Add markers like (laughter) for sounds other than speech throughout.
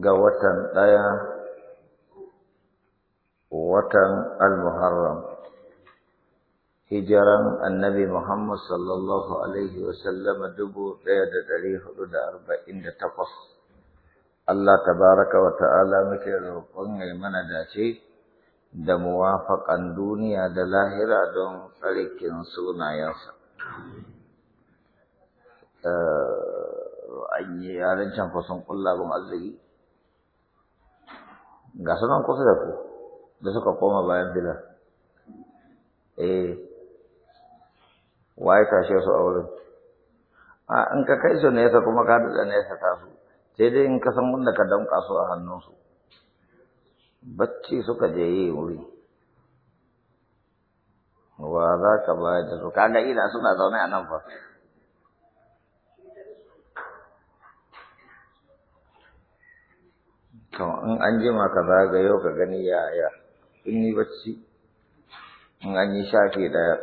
ga watan ɗaya watan al-muharram hijiran annabi Muhammad sallallahu alaihi wasallam dubu ɗaya da ɗari hudu da arba'in da takwas Allah tabaraka wa ta'ala muke roƙon ya mana dace da muwafaƙan duniya da lahira don tsarikin sunayensa eh, an yi yaren can fa sun kulla Enggak senang kusa da ku da suka koma bayan bila eh wai tashe su a wurin a in ka kai su nesa kuma ka daɗa nesa ta su sai dai in ka san wanda ka damƙa su a hannunsu bacci suka je yi wuri wa za ka bayar da su kaga Ina suna zaune a nan fa to in an jima ka zaga yau ka gani yaya in yi bacci in an yi shafe ɗaya.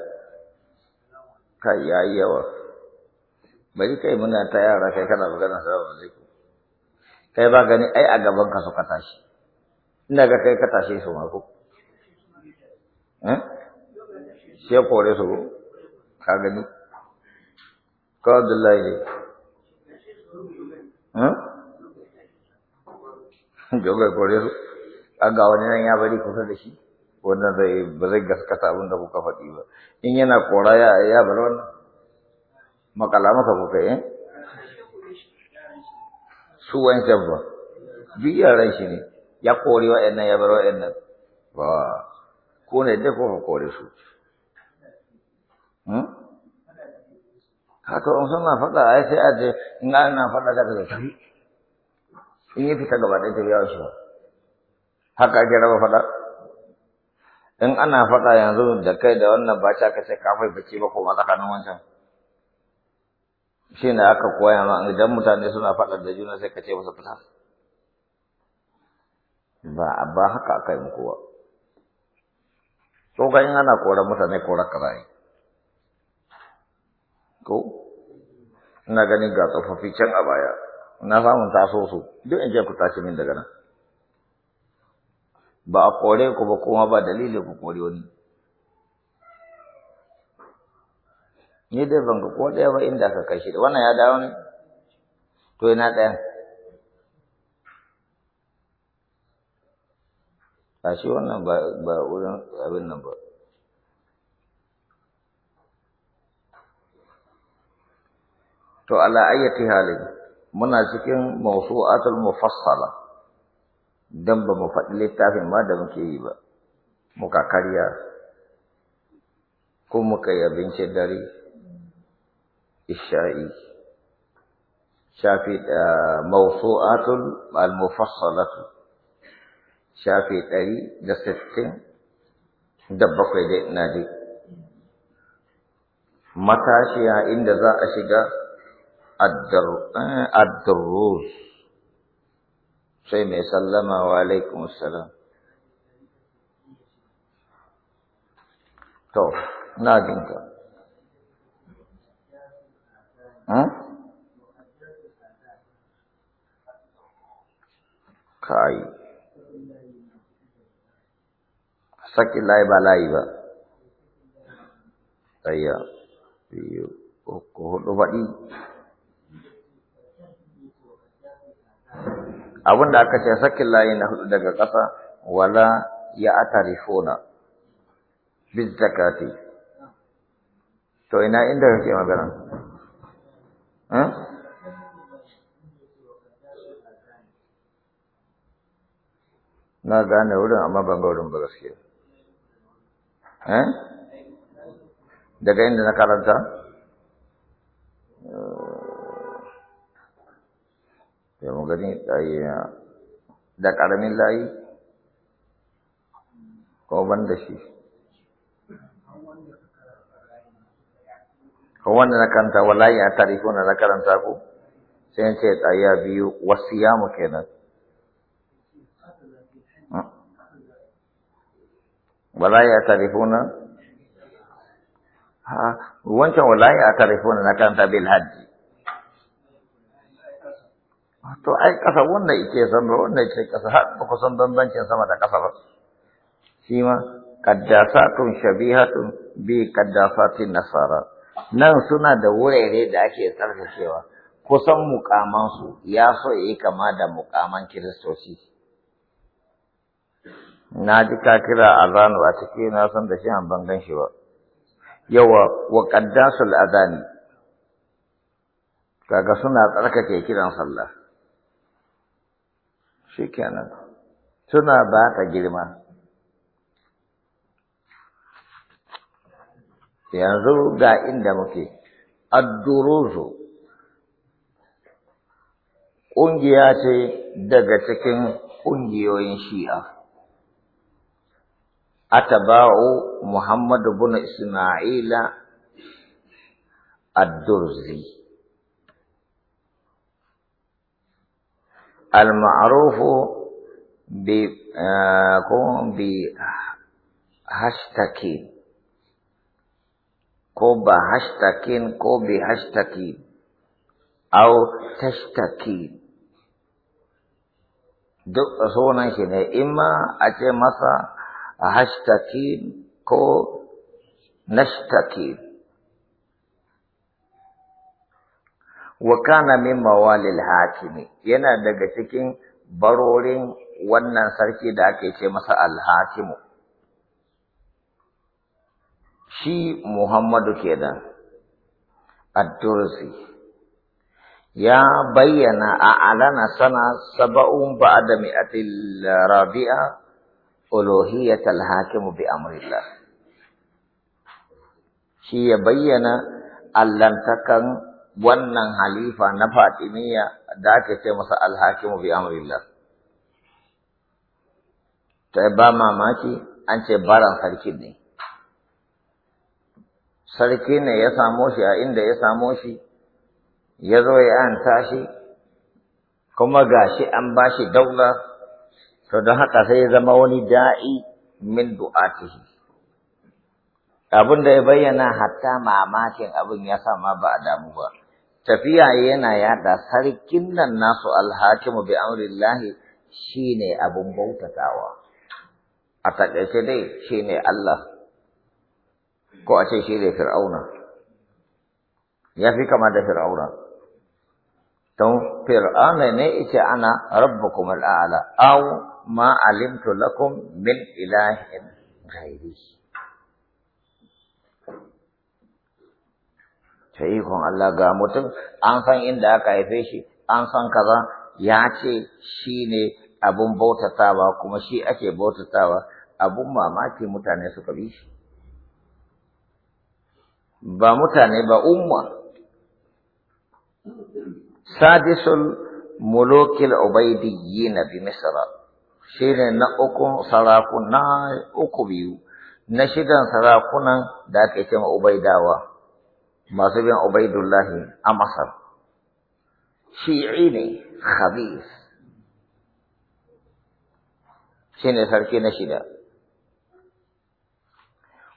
ka ya yi yawa bari kai muna ta yara kai kana magana zai ku. kai ba gani ai a gaban ka suka tashi ina ga kai ka tashe su ma ko eh? sai kore su ka gani ka Abdullahi ne eh? jogar kore su wani nan ya bari kusa da shi wannan zai ba zai gaskata abin da kuka faɗi ba in yana kora ya ya bar wannan makala maka kuka eh su wancan ba duk shi ne ya kore wa'annan ya bar wa'annan ba ko ne da ko kore su haka hmm? in na faɗa ai sai a je in ana faɗa ka tafi in yi fita gaba ɗaya ta yawa shi haka ake raba faɗa in ana faɗa yanzu da kai da wannan ba ta kace ka fai bace ba ko ma tsakanin wancan shi ne aka koya ma idan mutane suna faɗa da juna sai ka ce musu fita ba ba haka aka yi muku ba kai in ana koran mutane korar ka ko ina ganin ga tsofaffi can a baya na samun taso su duk in je ku tashi min daga nan ba a kore ku ba kuma ba dalili ku kore wani ni dai ban ga ko ɗaya ba inda ka kai shi da wannan ya dawo ne to ina ɗayan a shi wannan ba wurin abin nan ba to ala ayyati halin muna cikin mawsu'atul mufassala dan ba mu faɗi littafin ma da muke yi ba muka karya ko muka yi abincin dare isha'i shafi eh, mawsu'atul al-mufassalatu shafi ɗari da sittin da bakwai da ina dai matashiya inda za a shiga الدروس sai mai sallama wa alaikum salam to na jinka kai saki layi ba layi ba baɗi abin da aka ce sakin layi na hudu daga ƙasa wala ya atarifuna biz zakati to ina inda kake magana hmm? na gane wurin amma ban ga wurin ba gaskiya hmm? daga inda na karanta sai mu gani da ƙaramin layi ko ban da shi ko wanda na karanta wallahi a tarihuna na karanta ko sai ce tsaya biyu wasu yamu kenan wallahi a tarihuna wancan wallahi a tarihuna na karanta bil to ai ƙasa wanda yake ba, wanda yake ƙasa har ba ku san bambancin sama da ƙasa ba shi ma qaddasatun shabihatun bi qaddasatin nasara nan suna da wurare da ake cewa kusan mukamansu ya so yi kama da mukaman kiristoci na ji ka kira azanu a ciki na san da shi an ban gan shi ba yawa wa qaddasul azani kaga suna tsarkake kiran sallah shi kenan suna ba ka girma yanzu ga inda muke adduruzu ƙungiya ce daga cikin ƙungiyoyin shi'a atba'u Muhammadu bin Isma'ila addurzi المعروف بهاشتاكين ko ba hashtakin ko bi hashtaki au tashtaki duk sunan shi ne imma a ce masa hashtakin ko nashtaki wa min mawalil hakimi yana daga cikin barorin wannan sarki da ake ce masa alhakimu shi Muhammadu kenan ad-Dursi ya bayyana a alana sana saba'un ba'da mi'atil rabi'a uluhiyyat Alhakimu hakimu bi amrillah shi ya bayyana allantakan wannan halifa na Fatimiyya da aka ce masa alhakimu bi amrillah ta ba mamaki an ce baran sarki ne sarki ne ya samo shi a inda ya samo shi ya zo ya an tashi, kuma gashi an ba shi daula to don haka sai ya zama wani da'i min du'atihi abin da ya bayyana hatta mamakin abin ya sa ma ba a damu ba tafiya yana yada sarkin nan nasu alhakimu bi amrillahi shine abun bautatawa a takaice dai shine Allah ko a ce shine fir'auna ya fi kama da fir'auna don fir'auna ne yace ana rabbukum al'ala aw ma alimtu lakum min ilahin ghairihi ta ikon Allah ga mutum an san inda aka haife shi an san kaza ya ce shi ne abun bautatawa kuma shi ake bautatawa abun mamaki mutane suka bi shi ba mutane ba umma sadisul mulukil ubaidiyyin bi misr ne na uku sarakuna uku biyu na shidan sarakunan da ake cewa ubaidawa masu bin Ubaidullahi a Masar. Shi'i ne, Khabis. Shi ne sarki na shida.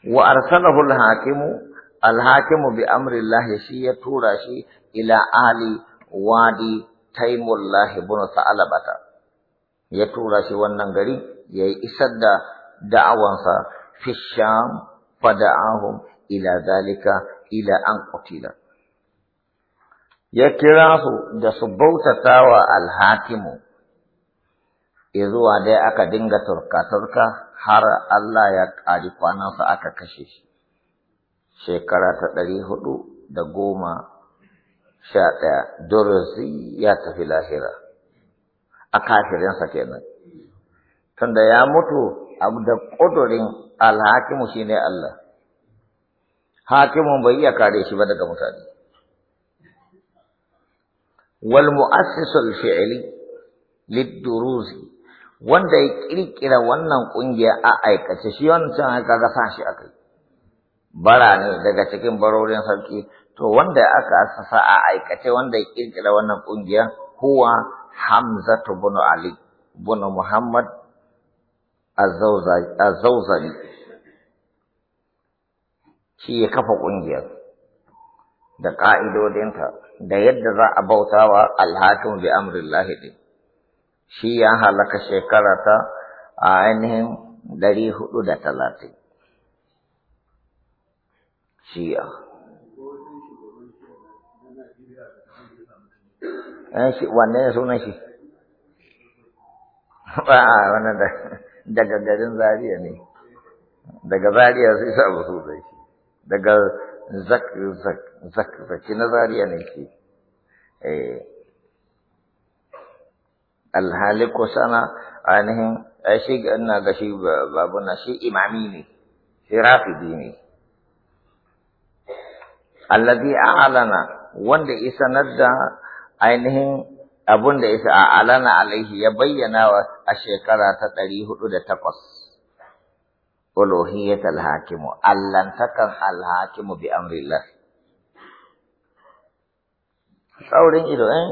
Wa arsalahu al-hakimu al-hakimu bi amrillahi shi ya tura shi ila ali wadi taimullahi bin sa'alabata. Ya tura shi wannan gari ya isar da da'awansa fi sham fada'ahum ila zalika ila an qutila ya kira su da su bautata wa alhakimu zuwa dai aka dinga turka-turka har Allah ya ƙari kwanansa aka kashe shi shekara ta ɗari hudu da goma sha ɗaya Dorothy ya tafi lahira a kafirinsa kenan tunda ya mutu abu da ƙudurin alhakimu shine Allah hakimin bai iya kare shi ba daga mutane wal mu'assisul fi'li lid wanda ya kirkira wannan kungiya a aikace shi wancan aka ga san shi akai bara ne daga cikin barorin sarki to wanda aka asasa a aikace wanda ya kirkira wannan kungiya huwa Hamza ibn Ali ibn Muhammad az-Zawzali shi ya kafa ƙungiyar da ƙa'idodinta da yadda za a bautawa alhakin bi amurin lahidi shi ya halaka shekara ta a ainihin dari hudu da talatin shi'a eh, wanne ne shi ba a wani daga garin zariya ne daga zariya sai sabu ba su daga zak zak zak zaki na zariya ne ke eh. alhali ko sana ainihin shi ina ga shi babu na shi imami ne shi rafidi ne alladhi a'lana wanda ya sanar da ainihin abun da ya alana alaihi ya bayyana wa a shekara ta ɗari hudu da takwas uluhiyyat al-hakimu allantakan al-hakimu bi amrillah saurin ido eh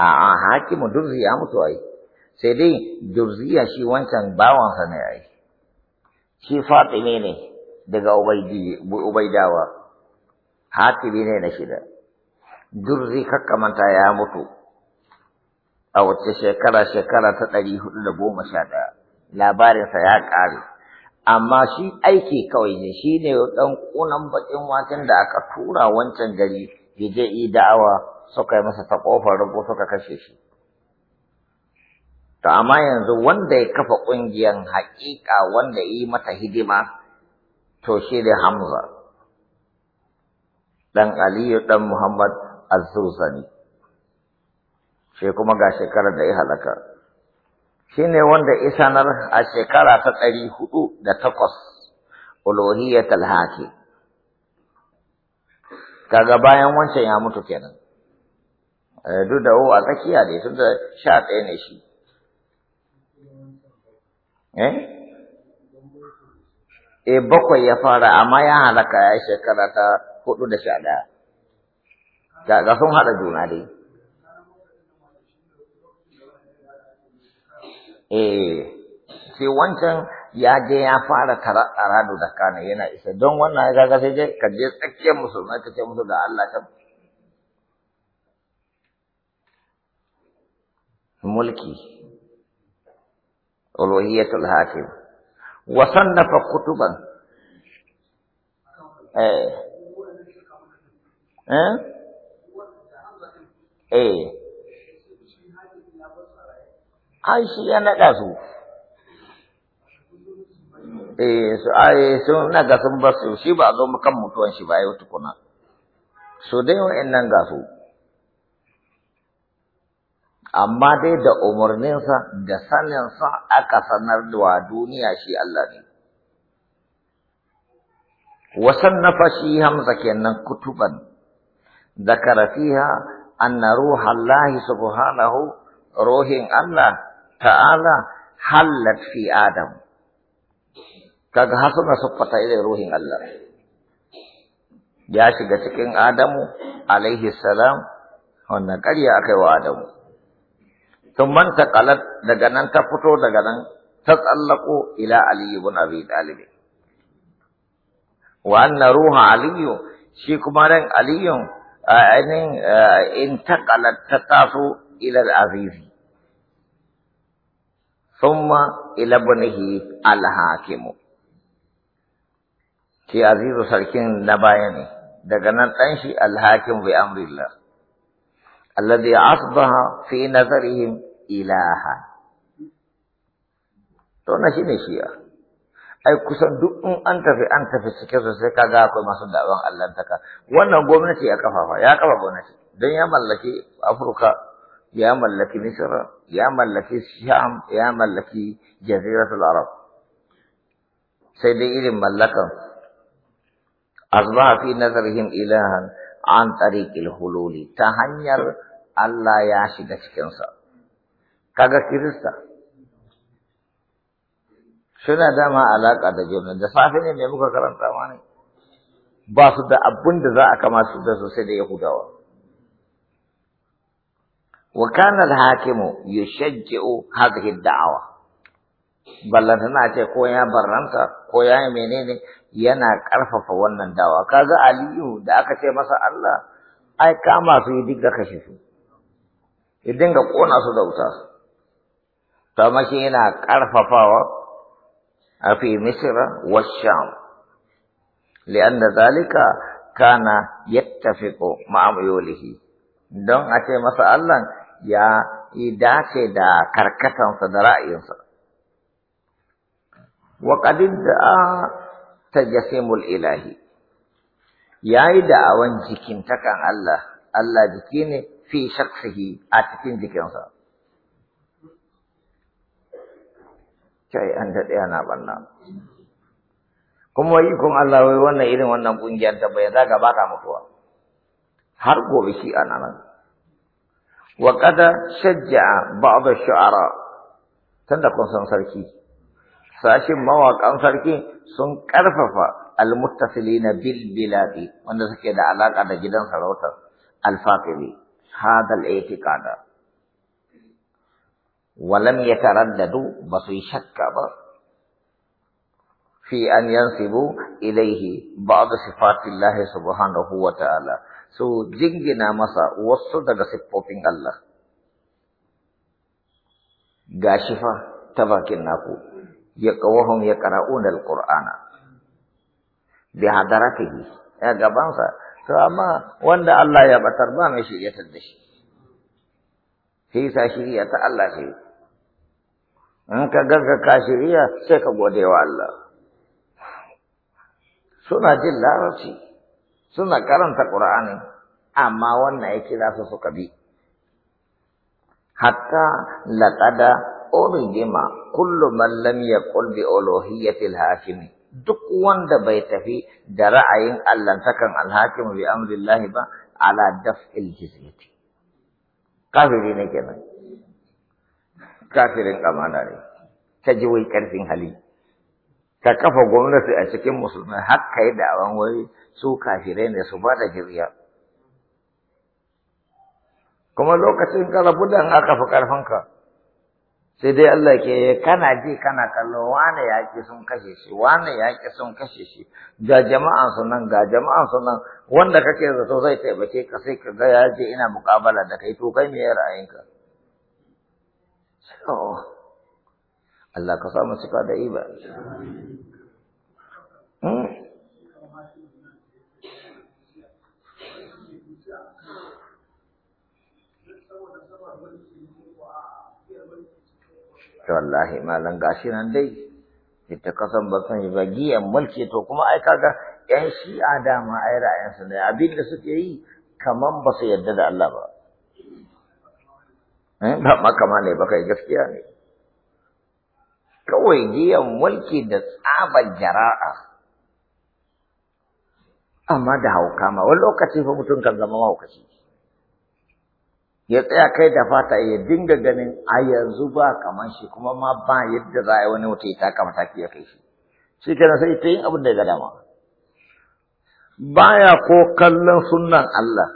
a hakimu durziya mutu ai sai dai durziya shi wancan bawansa ne ai shi fatime ne daga ubaidawa hakimi ne na shida durzi kakkamanta ya mutu a wacce shekara shekara ta ɗari hudu da goma sha ɗaya labarinsa ya ƙare amma shi aiki kawai ne shi ne ɗan ƙunan baƙin watan da aka tura wancan gari ya je yi da'awa suka yi masa ta ƙofar rubu suka kashe shi to amma yanzu wanda ya kafa ƙungiyar haƙiƙa wanda yi mata hidima to shi ne hamza ɗan aliyu ɗan muhammad azuzani sai kuma ga shekarar da ya halaka Shi ne wanda isanar a shekara ta ɗari hudu da takwas uluhiyatul haki kaga bayan wancan ya mutu kenan eh, duk da a tsakiya ne tun da sha ɗaya ne shi eh e bakwai ya fara amma ya halaka ya shekara ta hudu da sha ɗaya ga sun haɗa juna dai eh sai wancan ya je ya fara tarara da dakana yana isa don wannan ya ga sai je ka je tsakiyar musulmai ka ce musu da Allah ta mulki uluhiyatul hakim wa sannafa kutuban eh eh, eh. ai ya naɗa su eh su ai sun naga sun bar su shi ba zo kan mutuwan shi ba yau tukuna so dai nan ga su amma dai da umarninsa da saninsa aka sanar da duniya shi Allah ne وصنف hamza kenan kutuban كتبا ذكر فيها أن روح الله subhanahu rohin Allah. ta'ala hallat fi adam kaga hasuna fata ile ruhin Allah ya shiga cikin Adamu alaihi salam wannan ƙarya akai wa Adamu. Tun man ta kalat daga nan ta fito daga nan ta tsallako ila Aliyu ibn Abi Talib. Wa anna ruha Aliyu shi kuma ran Aliyu ainin in ta ta taso ila Azizi ثم إلى ابنه الحاكم shi azizu sarkin na baya ne daga nan ɗan shi alhakim bi amrillah alladhi asbaha fi nazarihim ilaha to na ai kusan duk in an tafi an tafi cikin su sai kaga akwai masu da'awan Allah taka wannan gwamnati ya kafafa ya kafa gwamnati don ya mallaki Afirka ya mallaki Misra, ya mallaki Sham, ya mallaki Jaziratul Arab. Sai dai irin mallakan azbaha fi nazarihim ilahan an tariqil hululi ta hanyar Allah ya shiga cikinsa. Kaga Kirista. Suna dama alaƙa da juna, da safe ne mai muka karanta ma ne, ba su da abun da za a kama su da su sai da Yahudawa. hakimu الحاكم يشجع da'awa balla tana ce ko ya barranta ko ya yi menene yana karfafa wannan dawa Kaza aliyu da aka ce masa Allah ai kama su yi dinga kashe su ya dinga kona su da wuta to amma shi yana ƙarfafawa a fi misra wa sham li'anna zalika kana yattafiqu ma'a don a ce masa Allah ya dace da karkatansa da ra'ayinsa. Wa ƙadid da ta jasimul ilahi, ya yi da'awan jikintakan Allah, Allah jiki ne fi shaksihi a cikin jikinsa. Kai, an daɗe ana ɓanna. Kuma yi kun Allah wai wannan irin wannan ƙungiyar ta bai zaga ba ka mutuwa. Har gobe shi ana nan. وقد شجع بعض الشعراء تنقل سنصركي ساشي مواقع سنصركي سنكرفف المتصلين بالبلاد ونسكي دا علاقة دا جدا سروتا الفاطري هذا الاعتقاد ولم يترددوا بس يشك في أن ينسبوا إليه بعض صفات الله سبحانه وتعالى So jingina masa wasu daga siffofin Allah. ga fa ta bakin naku, ya ƙawahun ya ƙara'un al-Qur'ana, bi hadaratihi, ya gabansa, to amma wanda Allah ya batar ba mai shiryatar da shi. Sai sa shirya ta Allah shi. in ka gaga ka shirya sai ka gode wa Allah. Suna jin larabci. suna karanta Qur'ani amma wannan ya kira su suka bi hatta laqada urjima kullu man lam yaqul bi duk wanda bai tafi da ra'ayin allantakan al bi amrillahi ba ala daf'il jizyati kafiri ne kenan kafirin amana ne ta ji wai karfin hali ka kafa gwamnati a cikin musulmai har ka yi da'awan wai su kafirai ne su ba da jirya kuma lokacin kalafu don aka fi karfinka sai dai Allah ke eh, kana ji kana kallo wane yaƙi sun kashe shi wane yaƙi sun kashe shi ga jama'an su nan ga jama'an su nan wanda kake zato zai taimake ka sai ka ga ya ina muƙabala da kai to kai me ra'ayinka Allah ka samu suka da iba hmm? wallahi malam gashi nan dai ita kasan ba san ba giyan mulki to kuma ai kaga yan shi'a dama ai ra'ayinsu ne abin da suke yi kaman ba su yarda da Allah ba hmm? ba makama ne ba kai gaskiya ne kawai giyan mulki da tsabar jara'a amma da hauka ma wani lokaci fa mutum kan zama mahaukaci ya tsaya kai da fata ya dinga ganin a yanzu ba kamar shi kuma ma ba yadda za a yi wani wata ita kama ta ya kai shi shi kenan sai ta yin abin da ga dama baya ko kallon sunnan Allah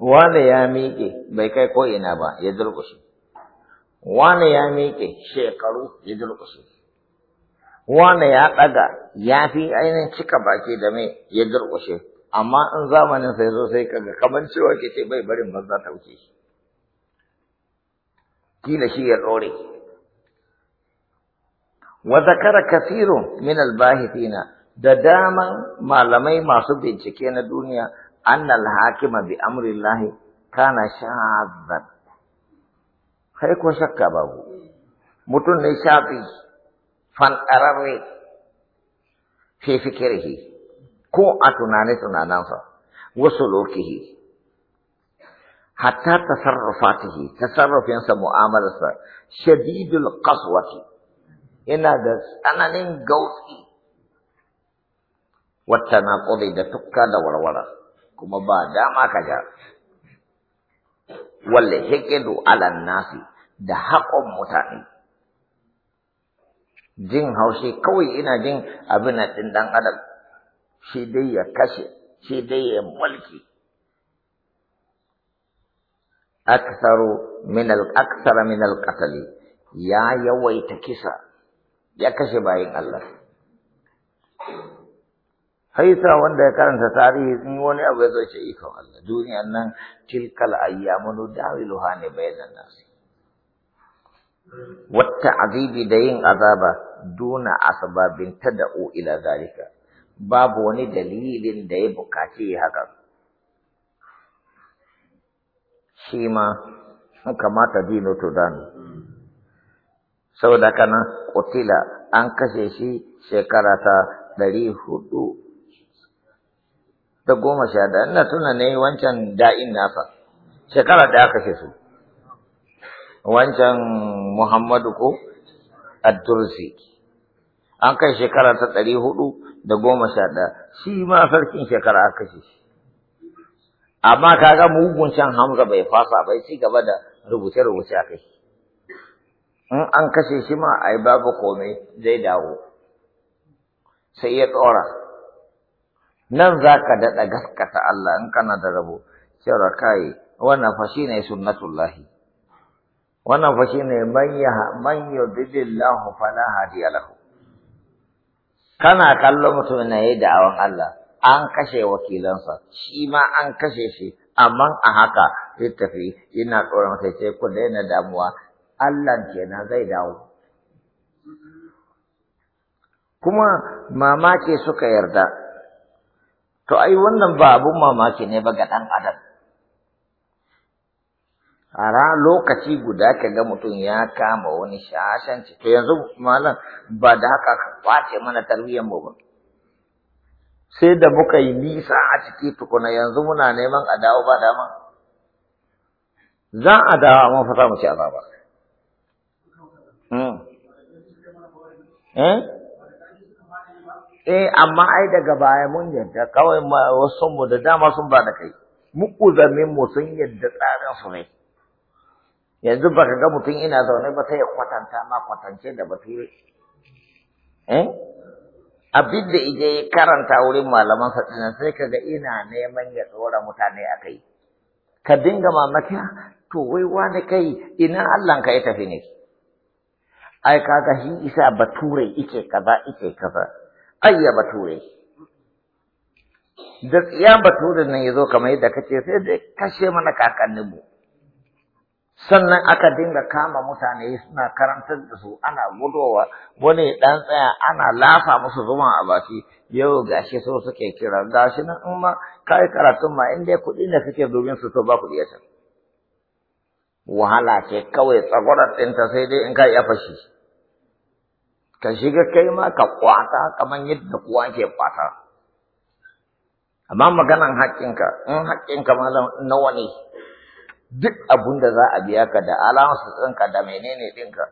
wane ya miƙe bai kai ko ina ba ya durƙushe wane ya miƙe shekaru ya durƙusu wane ya ɗaga ya fi ainihin cika baki da mai ya durƙushe amma in zamanin sai zo sai kaga kamar cewa ke ce bai barin banza ta wuce shi kila shi ya ɗore wa zakara kasiru min albahithina da daman malamai masu bincike na duniya annal hakima bi amrillahi kana shaddan kai ko shakka babu mutum ne shafi fanɗararre fi fikirhi ko a tunane tunanansa wasu lokihi hatta tasarrufatihi tasarrufinsa mu'amalarsa shadidul qaswati yana da tsananin gautsi wata naƙuri da tukka da warwara kuma ba dama ka ja wal hiqdu ala nasi da haƙon mutane jin haushi kawai ina jin abin din dan adam shi dai ya kashe shi dai ya mulki aksaru min al aksara min al qatali ya yawaita kisa ya kashe bayin Allah haisa wanda ya karanta tarihi in wani abu ya zo ce ikon Allah duniyan nan tilkal ayyamun dawiluha ne bayanan nasi wata azibi da yin azaba duna asbabin tad'u ila zalika babu wani dalilin da ya bukaci haka shi ma kamata dino to dano saboda kana kutila an kashe shi shekara ta ɗari hudu da goma sha da ina tuna ne wancan da'in nasa shekara da aka su wancan Muhammadu ko addursi an kai shekara ta ɗari hudu da goma sha ɗaya shi ma sarkin shekara aka kashe shi amma kaga mugun can Hamza bai fasa bai ci gaba da rubuce-rubuce a kai in an kashe shi ma ai babu komai zai dawo sai ya tsora nan za ka daɗa gaskata Allah in kana da rabo cewa kai wannan fa ne sunnatullahi wannan fa ne man ya man yudillahu hadiya lahu kana kallo mutum na yi da'awan Allah an kashe wakilansa shi ma an kashe shi amma a haka littafi yana tsoron sai sai ku daina damuwa Allah kenan zai dawo kuma mamaki suka yarda To ai wannan ba abun mamaki ne ba ga ɗan adam. ara lokaci guda ka ga mutum ya kama wani shashanci, to yanzu malam ba da haka ka kwace mana tarbiyyar mu ba. Sai da muka yi nisa a ciki tukuna yanzu muna neman a dawo ba dama. Za a dawo amma fa za mu ci azaba. Hmm. Eh? Eh, amma ai daga baya mun yadda kawai wasu mu da dama sun ba da kai. Muku zamin mu sun yadda tsarin su ne. Yanzu ba ka ga mutum ina zaune ba sai ya kwatanta ma kwatance da bature. Eh? Abin da ije ya karanta wurin malaman sa sai ka ga ina neman ya tsora mutane a kai. Ka dinga mamaki to wai wani kai ina ka ya tafi ne. ai kaga shi isa bature ike kaza ike kaza ayya bature da tsiya bature nan yazo kamar yadda kace sai dai kashe mana kakanninmu sannan aka dinga kama mutane suna karantar da su ana gudowa wani dan tsaya ana lafa musu zuma a baki yau gashi so suke kira gashi nan in ma kai karatun ma in dai kuɗi ne suke domin su to ba kuɗi ya wahala ce kawai tsagwarar ɗinta sai dai in ka fashe fashi ka shiga kai ma ka kwata kamar yadda kowa ke kwata amma maganan haƙƙinka in haƙƙinka malam nawa ne duk abun da za a biya ka da alawansu ɗinka da menene ɗinka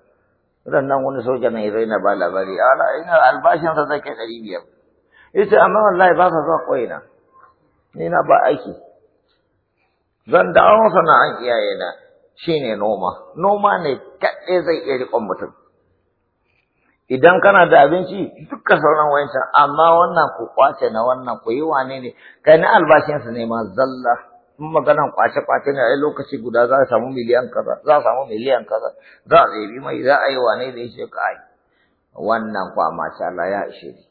nan wani soja mai raina ba labari ala ina albashinsa zai kai ɗari biyar yace amma wallahi ba sa zuwa ko'ina ni na ba aiki zan dawo sana'an iyayena shine noma noma ne kaɗai zai iya riƙon mutum idan kana da abinci duka sauran wancan amma wannan ku kwace na wannan ku yi wane ne kai na albashinsa ne ma zalla in magana kwace kwace ne a lokaci guda za a samu miliyan kaza za a samu miliyan kaza za a zai mai za a yi wane da ya ai wannan kwa masha Allah ya ishe ni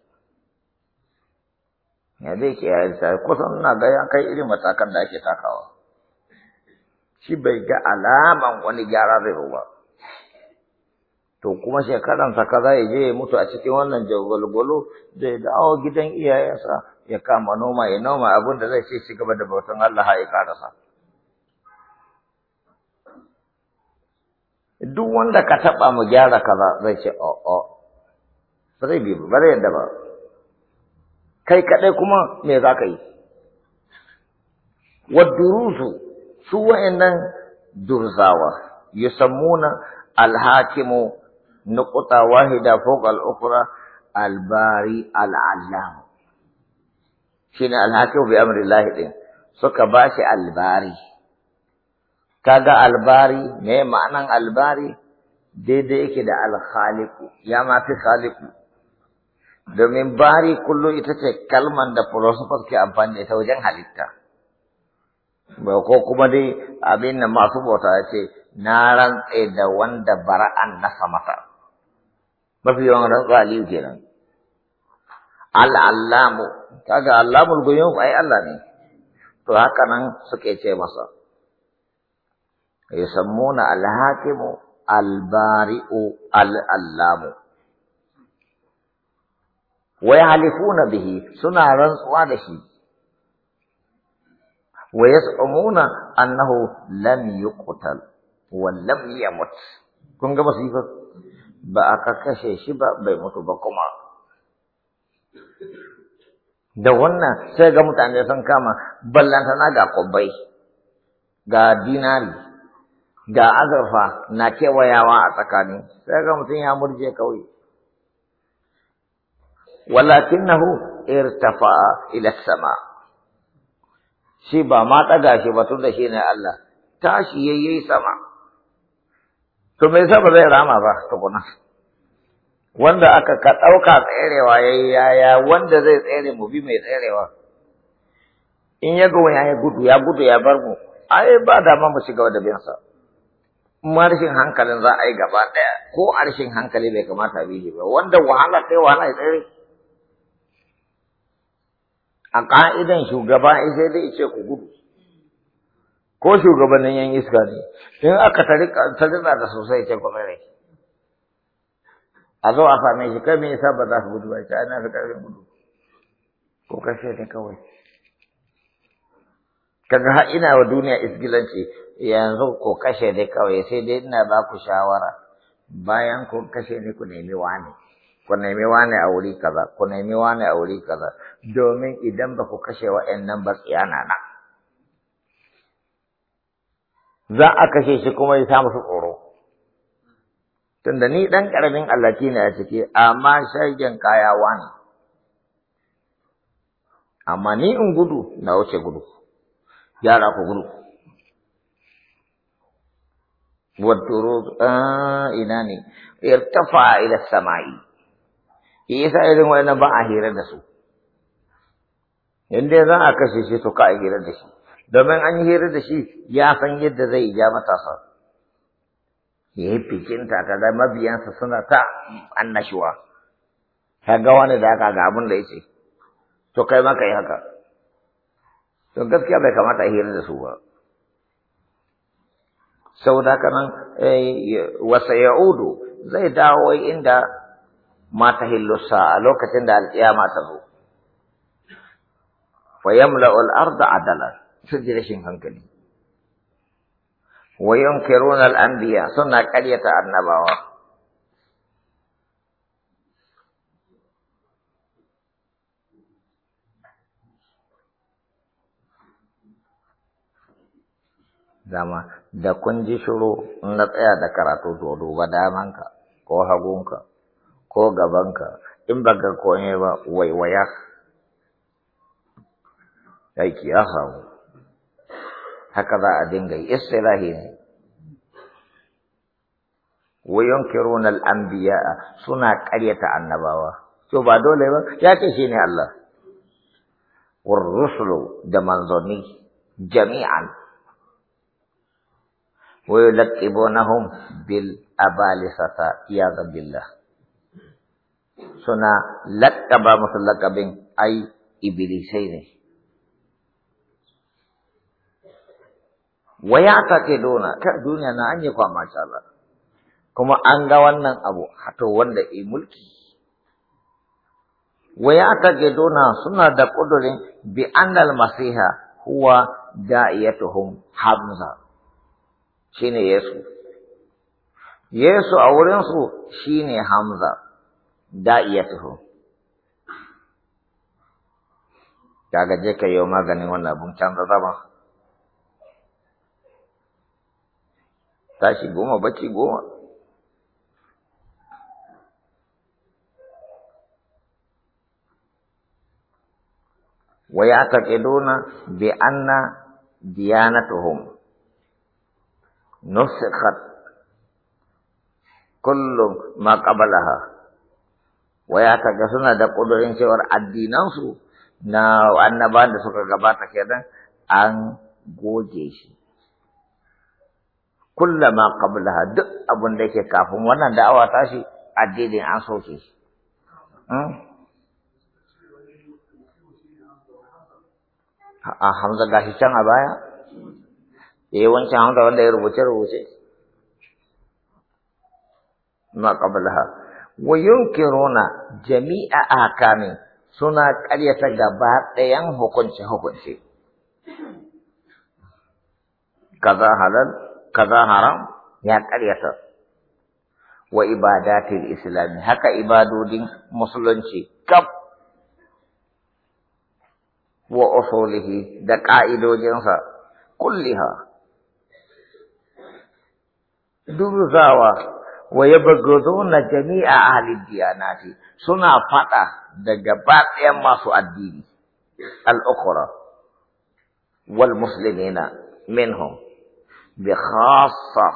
ya zai ke yayin sa kusan na gaya kai irin matakan da ake takawa shi bai ga alaman wani gyara zai ba to kuma shekaransa kaza ya je ya mutu a cikin wannan jagwalgwalo zai dawo gidan iyayensa ya kama noma ya noma abin da zai ce ci gaba da bautan Allah ya karasa. Duk wanda ka taɓa mu gyara kaza zai ce o oh, oh. ba zai bi ba zai yadda ba. Kai kaɗai kuma me za ka yi? Wadurusu su wa'annan durzawa, yusammuna alhakimu nuqta wahida fawqa al-ukhra al-bari al-allam shine al-hakim suka bashi albari? Ka ga albari bari me ma'anan albari bari daidai yake da al-khaliq ya domin bari kullum ita ce kalmar da philosopher amfani da ita wajen halitta ba ko kuma dai abin masu bauta ce na rantsa da wanda bara'an na samata mafi yawan rantsa aliyu kenan al'allamu kaga allamul guyub ai Allah ne to haka nan suke ce masa yusammuna al-hakimu al-bari'u al-allamu wa yahlifuna bihi suna rantsuwa da shi wa yas'umuna annahu lam yuqtal wa lam yamut kun ga masifar ba a kashe shi ba bai mutu ba kuma da wannan sai ga mutane sun kama ballantana ga kwabbai ga dinari ga azurfa na kewayawa a tsakani sai ga mutum ya murje kawai walakinahu irtafa ila sama shi ba ma ɗaga shi ba tun da shi ne Allah tashi yayyai sama to me yasa ba zai rama ba tukuna wanda aka ka ɗauka tserewa ya yi yaya wanda zai tsere mu bi mai tserewa in ya ga ya gudu ya gudu ya bar mu ai ba dama mu shiga da biyansa ma rashin hankalin za a yi gaba ɗaya ko arshin hankali bai kamata bihi ba wanda wahala sai wahala ya tsere a ƙa'idan shugaba sai dai ce ku gudu ko shugabannin yan iska ne in aka tarika da sosai ce ku tsare a zo a same shi kai me yasa ba za ka gudu ba ta na fi karfin gudu ko kashe ne kawai kaga har ina wa duniya isgilanci yanzu ko kashe ne kawai sai dai ina ba ku shawara bayan ko kashe ne ku nemi wane? ku nemi wane a wuri kaza ku nemi wane a wuri kaza domin idan ba ku kashe wa'annan ba tsiyana nan za a kashe shi kuma ya sa masa tsoro. Tunda ni ɗan ƙaramin Allah ki ne a ciki, amma shagen kaya wani. Amma ni in gudu na wuce gudu, yara ku gudu. Wadduro a ina ne, tafa ila sama'i, isa irin wani ba a hira da su, inda za a kashe shi to ka a hira da shi. domin an yi hira da shi ya san yadda zai iya matasa ya yi fikinta kaga mabiyansa suna ta annashuwa ga wani da haka ga abin da ya ce to kai ma yi haka to gaskiya bai kamata a hira da su ba saboda haka nan eh, wasa udu zai dawo inda mata hillusa a lokacin da alƙiyama ta zo fa yamla'ul al-arda adalan su ji rashin hankali wa yunkiruna al-anbiya suna ƙaryata annabawa dama da kun ji shiru in na tsaya da karatu to duba damanka ko hagunka ko gabanka in baka ga ba waiwaya aiki ya hawo هكذا أدنجي إصلاهي وينكرون الأنبياء سنة كرية النبوة شو بعدو لبا يا كشيني الله والرسل دمنظني جميعا ويلقبونهم بالأبالسة يا رب الله سنة لقب مثل لقبين أي إبليسيني wa yaqtiduna ka duniya na an yi kwa masha Allah kuma an ga wannan abu hato wanda e mulki wa yaqtiduna suna da kudurin bi annal masiha huwa da'iyatuhum hamza shine yesu yesu a wurin su shine hamza da'iyatuhum kaga je ka yau maganin wannan abun canza zama tashi goma bacci goma waya taqiduna bi anna diyanatuhum nusikhat kullu ma Qabalaha, waya kaga suna da kudurin cewar addinansu na annabawan da suka gabata kenan an goge shi kullama qablaha duk abin da yake kafin wannan da'awa shi addinin an soke shi hmm? a hamza gashi can a baya eh wancan hamza wanda ya rubuce rubuce ma qablaha wa yunkiruna jami'a ahkamin suna ƙaryata gaba ɗayan hukunce hukunce kaza halal كذا كظاهرة يعني اليسر وإبادات الإسلام هكا إبادو دين مسلم شي كب وأصوله دقائدو جنسا كلها دوزاوا ويبغضون جميع أهل الديانات سنة فتا دقبات يما الدين الأخرى والمسلمين منهم بخاصة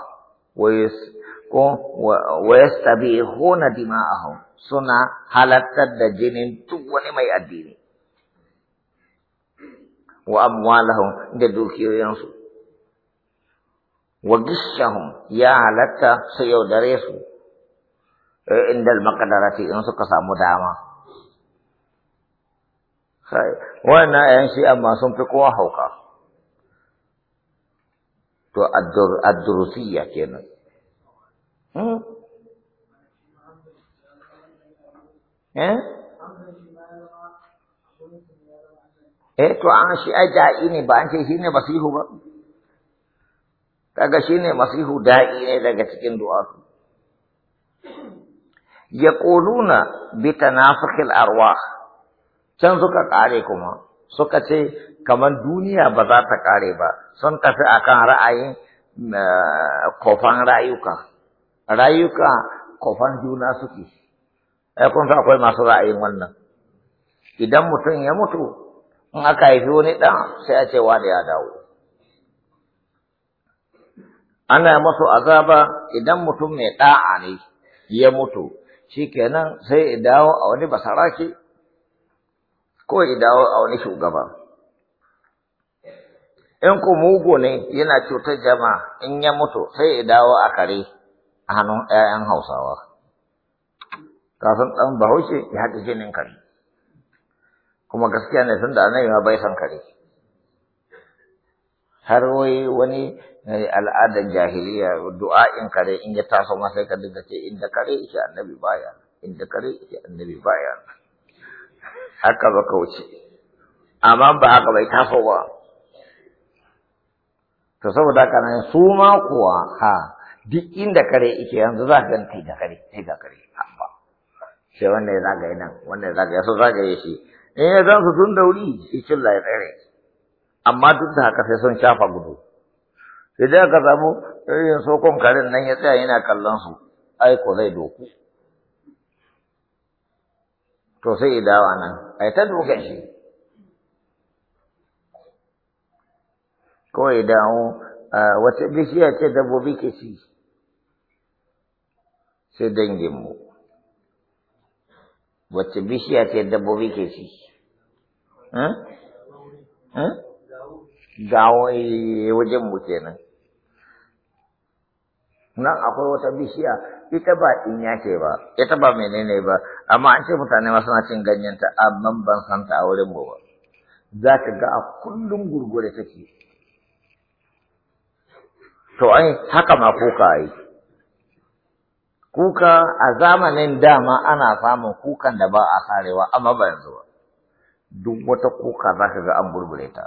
ويستبيحون دماءهم سنة حالت دجنين توني ما يأديني وأموالهم ددوكي وينصو وقشهم يا حالتا سيودريسو عند المقدرة ينصو قصام داما وانا ينشي أما سنفقوا هوكا to ad-durusiyya kenan hmm? eh? eh to an shi ai da'i ba an ce shine masihu ba kaga shine masihu da'i ne daga cikin du'a yaquluna bi tanafukhil arwah can suka kare kuma suka ce kamar duniya ba za ta kare ba sun tafi akan ra'ayin eh, kofan rayuka rayuka kofan juna suke Ya eh, kun akwai masu ra'ayin wannan idan mutum ya mutu in aka haifi wani ɗan sai a ce wani ya dawo ana masu azaba idan mutum mai ɗa'a ne ya mutu shi kenan sai ya dawo a wani basarake ko ya dawo a wani shugaba in ku mugu ne yana cutar jama'a in ya mutu sai ya dawo a kare a hannun 'ya'yan hausawa kafin ɗan bahaushe ya haɗa jinin kare kuma gaskiya ne tun da annabi ma bai san kare har wai wani eh, al'adar jahiliya du'a'in kare in ya taso ma sai ka dinga ce inda kare shi annabi baya inda kare shi annabi baya haka ba kauce amma ba haka bai taso ba to saboda haka nan su ma kuwa ha duk inda kare yake yanzu za ka ganti da kare sai ga kare amma sai wanda ya ga nan wanda ya zagaye so zagaye shi in ya zan su tun da wuri shi cilla ya tsare amma duk da haka sai sun shafa gudu sai dai aka samu irin sokon karen nan ya tsaya yana kallon su ai ko zai doku to sai ya dawo nan ai ta doka shi kawai dawo wace bishiya ce dabbobi ke ci sai danginmu wace bishiya ce dabbobi ke ci gawo hm? hm? eh, wajen mu kenan nan akwai wata bishiya ita ba inya ce ba ita ba menene ba amma an ce mutane ma suna cin ganyenta amma ban santa a wurin mu ba za ka ga a kullum gurgure take to an haka ma kuka yi kuka a zamanin dama ana samun kukan da ba a sarewa amma ba yanzu ba duk wata kuka za ka ga an burbure ta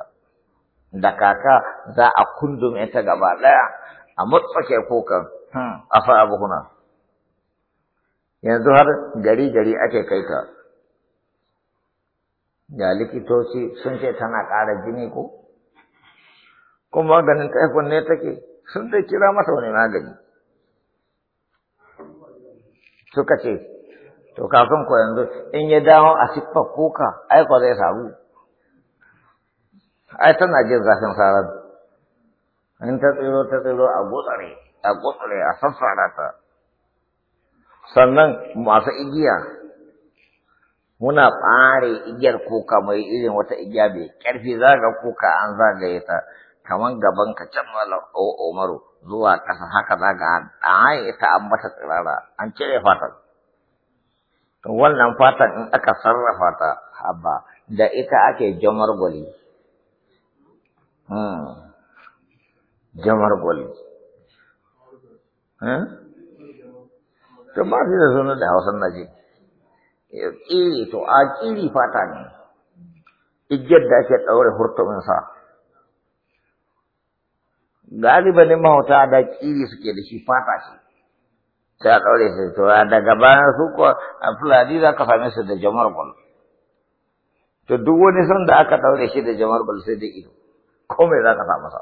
da kaka za a kundume ta gaba ɗaya a matsake kukan hmm, a fa abu yanzu har gari gari ake kai ta ga likitoci sun ce tana ƙara jini ko kuma ganin taifin ne take sun dai kira masa wani magani suka ce to kafin ku yanzu in ya dawo a siffar kuka ai ko zai samu ai tana jin zafin sarar in ta tsiro ta tsiro a gutsare a gutsare a sassara ta sannan masu igiya muna ɓare igiyar kuka mai irin wata igiya mai ƙarfi zaga kuka an zagaye ta kaman gaban ka can o Umaru zuwa ƙasa haka za ga ai ita an mata tsirara an cire fatan. To wannan fatan in aka sarrafa ta haba da ita ake jamar gwali. Hmm. Jamar gwali. Hmm? To ba su da suna da hausan naje. Eh, ƙiri to a ƙiri fata ne. Igiyar da ake ɗaure hurtuminsa. sa. galibanin mahauta da kiri suke da shi fata shi sai a ɗaure shi to daga bayan su ko a fulani za ka same su da jamar gwal to duk wani son da aka ɗaure shi da jamar gwal sai da ido ko za ka sa masa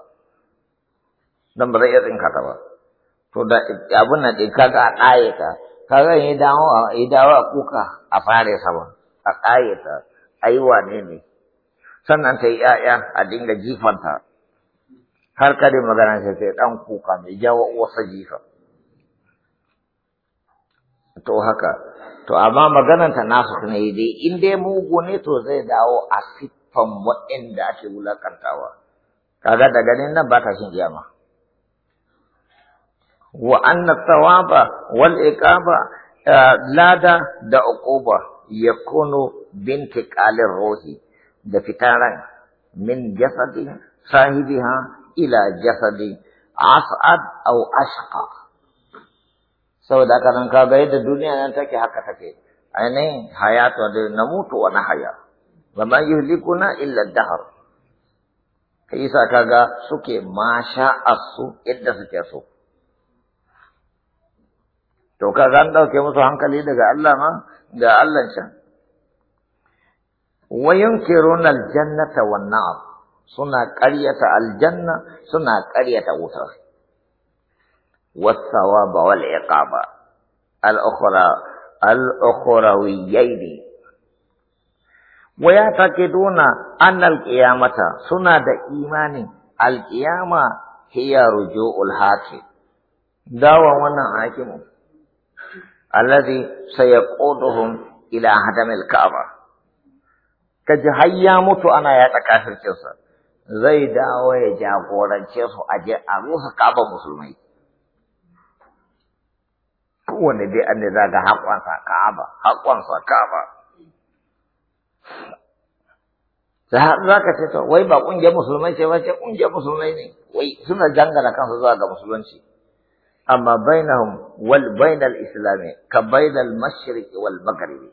don ba zai iya tsinka ta ba to da abin nan ɗin kaga a ɗaye ka zan ya dawo a a kuka a fare sama a ɗaye a yi wane ne sannan ta yi ‘ya'ya a dinga jifanta har kada magana sai sai dan kuka mai jawo wasa jifa to haka to amma maganan ta nasu ne dai in dai mugu ne to zai dawo a siffan waɗanda ake wulakantawa kaga da ganin nan ba ta shin kiyama wa anna tawaba wal iqaba eh, lada da uquba yakunu bintiqalir ruhi da fitaran min jasadin sahibiha إلى جسد أسعد أو أشقى saboda haka nan kaga yadda duniya nan take haka take ainihin hayatu da namutu wa nahaya wa ma yuhlikuna illa dahr kai sa kaga suke masha asu yadda suke so to kaga an dauke musu hankali daga Allah ma da Allah can wa yunkiruna al-jannata wan suna ƙaryata aljanna suna ƙaryata wuta wasawa ba wal iqaba al ukhra al ukhrawiyyaini wa ke anna an alƙiyamata, suna da imanin alƙiyama qiyama hiya ruju'ul hakim dawa wannan hakimu ya sayaquduhum ila hadamil ka'aba kaji har ya mutu ana yaɗa kafircinsa zai dawo ya jagorance su aje a rufe kaba musulmai kowane dai an ne za ga haƙonsa kaba haƙonsa kaba za ka ce to wai ba ƙungiyar musulmai ce ba ce ƙungiyar musulmai ne wai suna jangana kansu zuwa ga musulunci amma bainahum wal bainal islami ka bainal mashriqi wal maghribi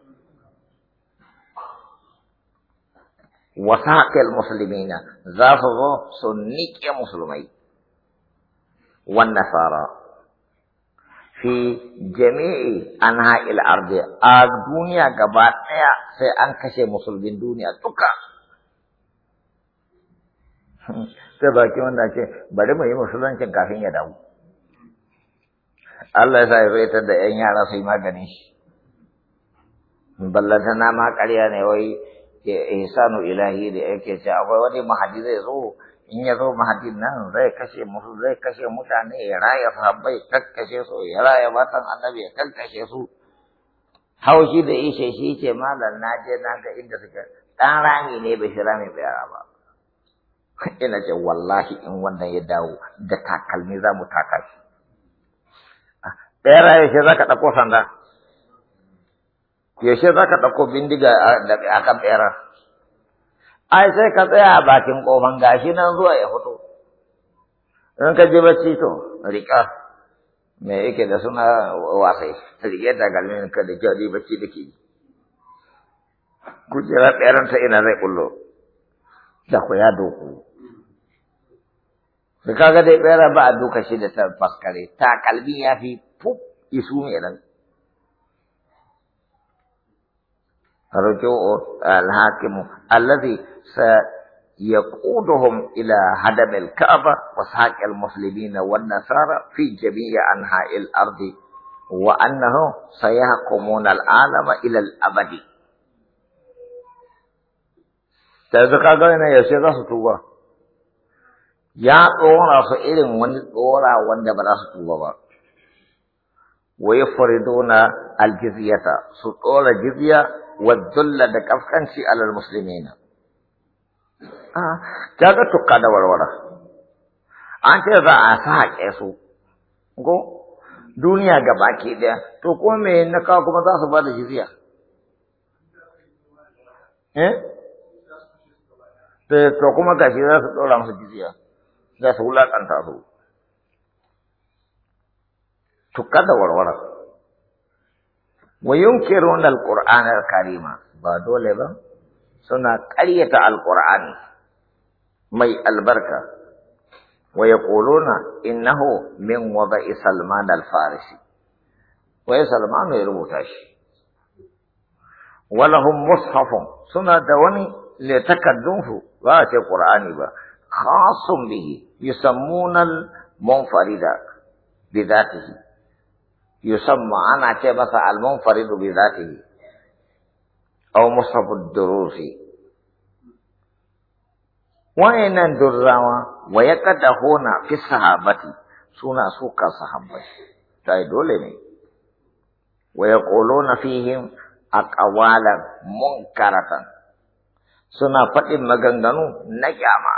wasaƙil musulmina za su zo su niƙe musulmai wan nasara fi jami'i anha'il ardi a duniya gaba ɗaya sai an kashe musulmin duniya duka sai baki wanda ce bari mu yi kafin ya dawo Allah ya sa ya da 'yan yara maganin yi magani ballantana ma ƙarya ne wai ihsanu ilahi da yake ce akwai wani mahadi zai zo in ya zo mahadin nan zai kashe musu zai kashe mutane ya raya sahabbai kakkashe su ya raya matan annabi ya kakkashe su haushi da ishe shi ce malam na je na ga inda suke dan rami ne bai shi rami bai ba (laughs) ina ce wallahi in wannan ya dawo da takalmi za mu taka shi ah, ɗaya rayu shi za ka ɗauko sanda yaushe za ka ɗauko bindiga a kan ɓera ai sai ka tsaya a bakin ƙofan gashi nan zuwa ya fito in ka ji bacci to riƙa me yake da suna wasai riƙe da galmin ka da kyau bacci da ke kujera ɓeran ta ina zai ƙullo da ku ya doku ka ga dai ɓera ba a duka shi da ta faskare ta kalbi ya fi fuf isu mai nan رجوع الحاكم الذي سيقودهم إلى هدم الكعبة وسحق المسلمين والنصارى في جميع أنحاء الأرض وأنه سيحكمون العالم إلى الأبد تذكرنا يا شيخ توبة يا طورا فإلم ونطورا وندبرا ستوبة ويفردون الجزية سطول الجزية والذل da kafkanci alal muslimina a kaga tukka da warwara an ce za a sa ke su ko duniya ga baki daya to ko me na kawo kuma za su ba da jizya eh to kuma shi za su ɗora musu jizya za su wulaƙanta su tukka da warwara وينكرون القرآن الكريم بادول با سنة قرية القرآن مي البركة ويقولون إنه من وضع سلمان الفارسي ويسلمان يروتاش ولهم مصحف سنة دوني لتكدنه واتي القرآن با خاص به يسمون المنفرد بذاته يسمى أنا كبس المنفرد بذاته أو مصحف الدروس وإن الدراوة هنا في الصحابة سنة سوكا صحابة تايدولني ويقولون فيهم أقوالا منكرة سنة فتن مغنغنو نجاما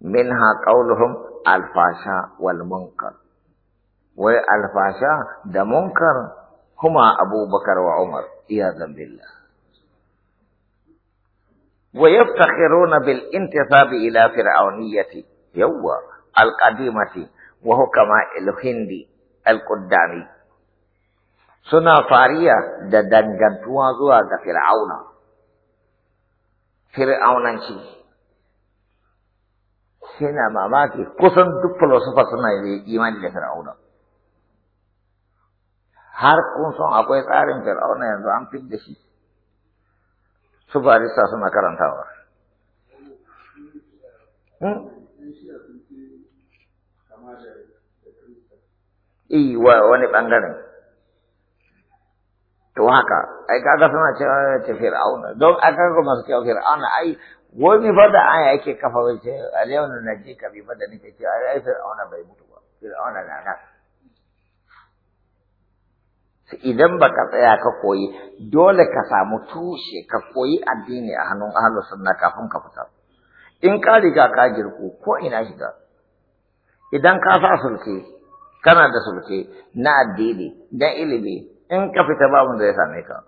منها قولهم الفاشا والمنكر wai alfasha da munkar huma abubakar wa umar iyadan billah wa yaftakhiruna bil intisabi ila fir'auniyati yawwa al qadimati wa hukama al hindi al quddami suna fariya da dangantuwa zuwa ga fir'auna fir'aunanci sai na mamaki kusan duk filosofa suna imani da fir'auna har kun san akwai tsarin fir'auna yanzu an fi da shi su barista suna karantawa hmm? wa wani ɓangaren. To haka, ai kaga suna cewa ce fir'auna, don aka masu masu cewa fir'auna ai wani fa da aya yake kafa wace a yau na ji kabi fa da nake cewa ai fir'auna bai mutu ba, fir'auna na nan. idan baka tsaya ka koyi dole ka samu tushe ka koyi addini a hannun ahlus sunna kafin ka fita in ka riga ka girku ko ina shiga idan ka sa sulke kana da sulke na addini da ilimi in ka fita babu da ya same ka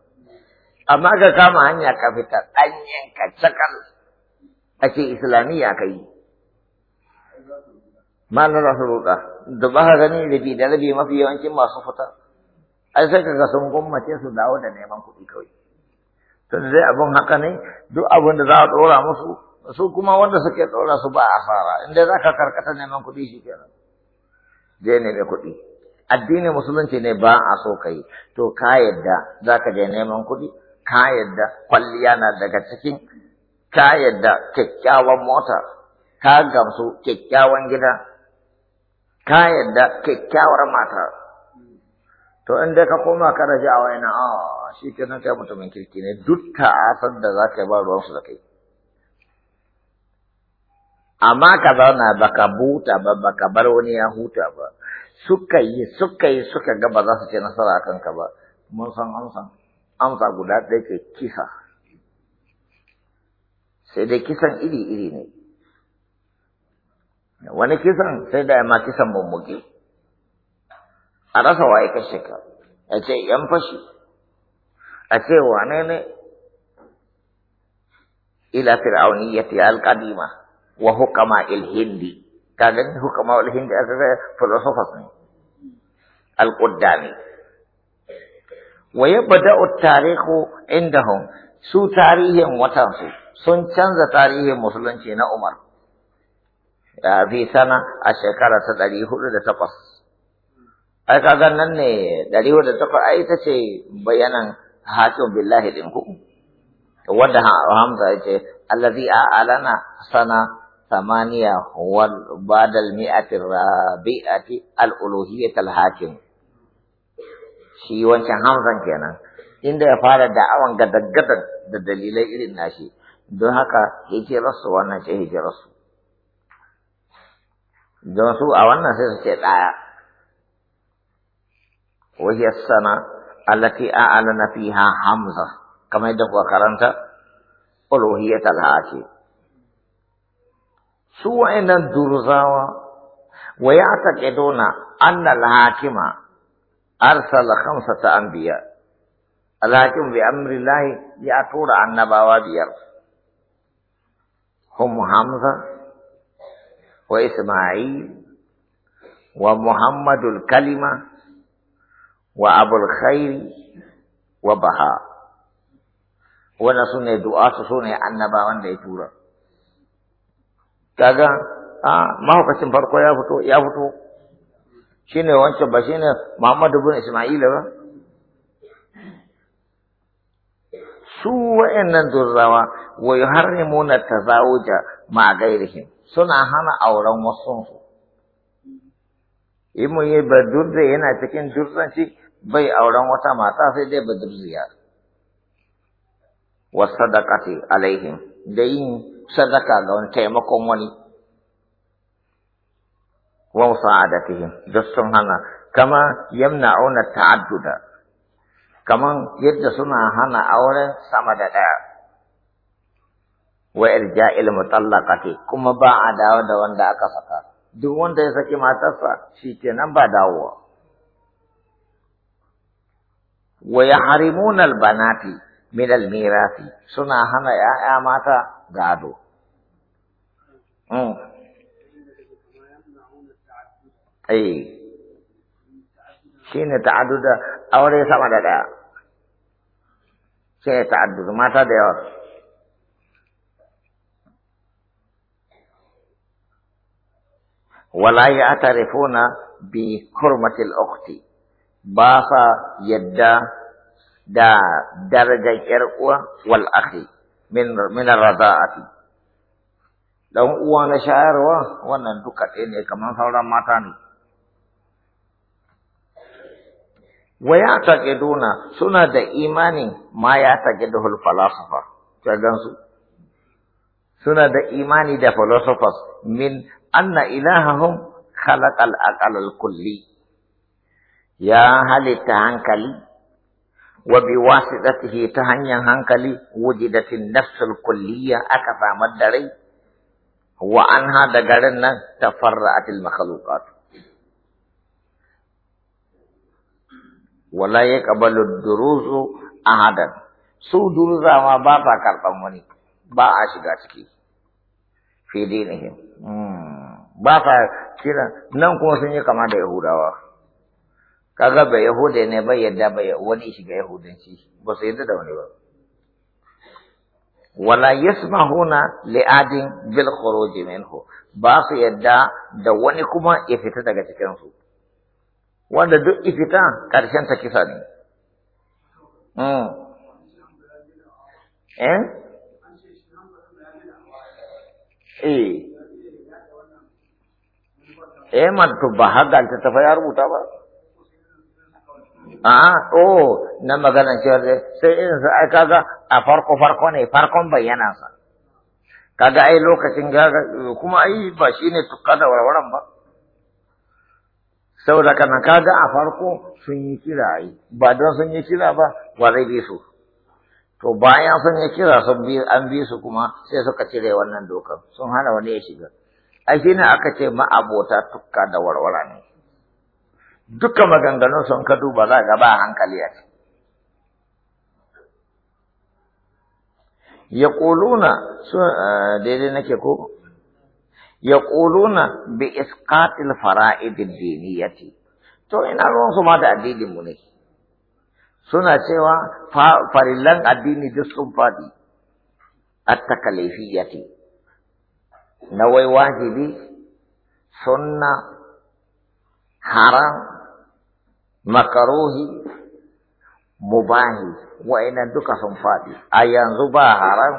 amma ka kama hanya ka fita ɗanyen ka cakal a ce islamiyya ka yi malar da ba ka gani bi da rabi mafi yawancin masu fita ai sai kaga sun gummace su dawo da neman kuɗi kawai to dai abun haka ne duk abin da za a ɗora musu su kuma wanda suke ɗora su ba asara in dai za ka karkata neman kuɗi shi kenan je neme kuɗi addinin musulunci ne ba a so kai to ka yadda za ka je neman kuɗi ka yadda kwalliya na daga cikin ka yadda kyakkyawan mota ka gamsu kyakkyawan gida ka yadda kyakkyawar mata to in dai ka koma ka raja a waina a ah, shi ke kai mutumin kirki ne duk san da za ka yi ba ruwansu da kai amma ka zauna baka buta ba ka bar wani ya huta ba suka yi suka yi suka ga ba za su ce nasara a kanka ba mun san amsa amsa guda ɗaya ke kisa sai dai kisan iri iri ne wani kisan sai da ma kisan bambuki a rasa waye ka ka a ce yan fashi a ce wane ne ila fir'auni ya fi qadima wa hukama al-hindi kagan hukama al-hindi aka ga philosophers ne al-quddami wa yabda'u at-tarihu indahum su tarihin watansu sun canza tarihin musulunci na Umar fi sana a shekara ta ɗari hudu da takwas ai kaga nan ne dari wadda takwas ai ita ce bayanan hakim billahi din ku wadda hamza ya ce allazi a'lana sana samaniya wal badal mi'atir rabi'ati al uluhiyyat al hakim shi wancan hamzan kenan inda ya fara da'awan gadaggadan da dalilai irin nashi don haka hijirarsu wannan ce hijirarsu don su a wannan sai su ce ɗaya وهي السنة التي أعلن فيها حمزة كما يدقوا قرنت ألوهية الهاشي سوء إن الدرزاوة ويعتقدون أن الحاكم أرسل خمسة أنبياء الحاكم بأمر الله يأتون عن نباوة هم حمزة وإسماعيل ومحمد الكلمة wa abul khairi wa baha wannan su ne du'a su ne annaba wanda ya tura kaga a mahaukacin farko ya fito ya fito shine wancan ba shine Muhammadu bin Isma'ila ba su wa'annan durrawa wa yuharrimuna tazawuja ma gairihim suna hana auren wasu in mun yi ba durre yana cikin durranci bai auren wata mata sai dai ziyar. wa sadaqati alaihim da yin sadaka ga wani taimakon wani wa musa'adatihim da sun hana kama yamna'una ta'adduda kaman yadda suna hana auren sama da ɗaya wa irja'il mutallaqati kuma ba a dawo da wanda aka saka duk wanda ya saki matarsa shi kenan ba dawowa ويحرمون البنات من الميراث سنا هنا يا ماتا غادو اي شين تعدد اوري سما دا شين تعدد ماتا ديور ولا يعترفون بحرمة الأخت بافا يدا دا درجة إرقوة والأخي من من الرضاعة لو وانا شاعر وا وانا نتوكل إني كمان صار ما تاني ويا تجدونا سنة إيماني ما يا تجده الفلاسفة تجدنسو سنة إيماني دا فلاسفة من أن إلههم خلق الأقل الكلي ya halitta hankali wa bi wasitatihi ta hanyar hankali wujidatin nafsul kulliya aka samar da rai wa anha da garin nan tafarra'atil makhluqat wala ya kabalu duruzu ahadan su ma ba ta karban wani ba a shiga ciki fi dinihim hmm. ba ta kira nan kuma sun yi kama da yahudawa kaga ba yahuda ne bai yadda bai wani shiga yahudanci ba su yadda da wani ba wala yasmahuna li'adin bil khuruj minhu ba su yadda da wani kuma ya fita daga cikin su wanda duk ifita karshen ta kisa ne hmm. eh eh eh man to ba haddal ta tafa ya rubuta ba A'a, oh, na maganar cewar sai in sa ai kaga a farko farko ne, farkon bayyana sa. Kaga ai lokacin gaga kuma ai ba shine tukka da warwaran ba. Saboda kana kaga a farko sun yi kira ai, ba don sun yi kira ba, ba zai bi su. To bayan sun yi kira sun bi an bi su kuma sai suka cire wannan dokar, sun hana wani ya shiga. Ai shine aka ce abota tukka da warwara ne. duka maganganun sun ka duba za ga ba hankali a ciki su eh, daidai nake ko ƙuluna bi isqatil fara'id diniyati to ina ruwan su ma da addinin mu ne suna cewa farillan addini duk sun fadi at yace. na wai wajibi sunna haram makaruhi mubahi wa ina duka sumfadi ayan zuba haram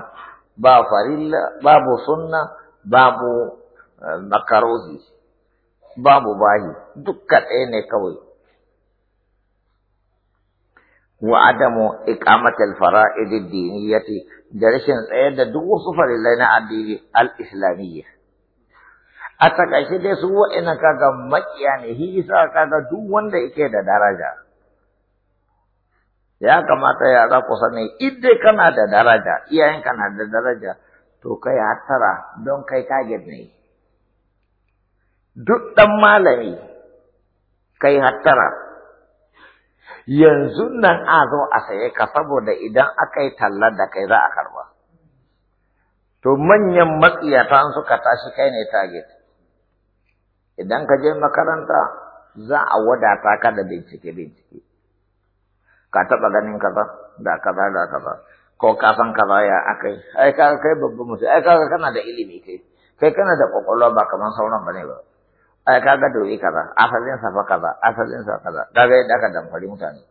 ba farilla babu sunna babu makaruhi babu bahi duka ɗaya ne kawai wa adamu al fara'id ad-diniyyati da rashin tsayar da duk wasu farillai na addini al-islamiyya a takaice dai su wa'ina kaga maƙiya ne shi kaga duk wanda yake da daraja ya kamata yara ku sani idai kana da daraja iyayen kana da daraja to kai hattara don kai ka ne duk dan malami kai hattara yanzu nan a zo a saye ka saboda idan aka yi tallar da kai za a karba to manyan matsiyata suka tashi kai ne target idan ka je makaranta za a wadata ka da bincike bincike ka taɓa ganin kaza da kaza da kaza ko ka san kaza ya akai ai ka kai babban musu, ai ka kana da ilimi kai kai kana da kwakwalwa ba kamar sauran bane ba ai ka kaga dori kaza asalin sa fa kaza asalin sa kaza kaga yadda aka damfari mutane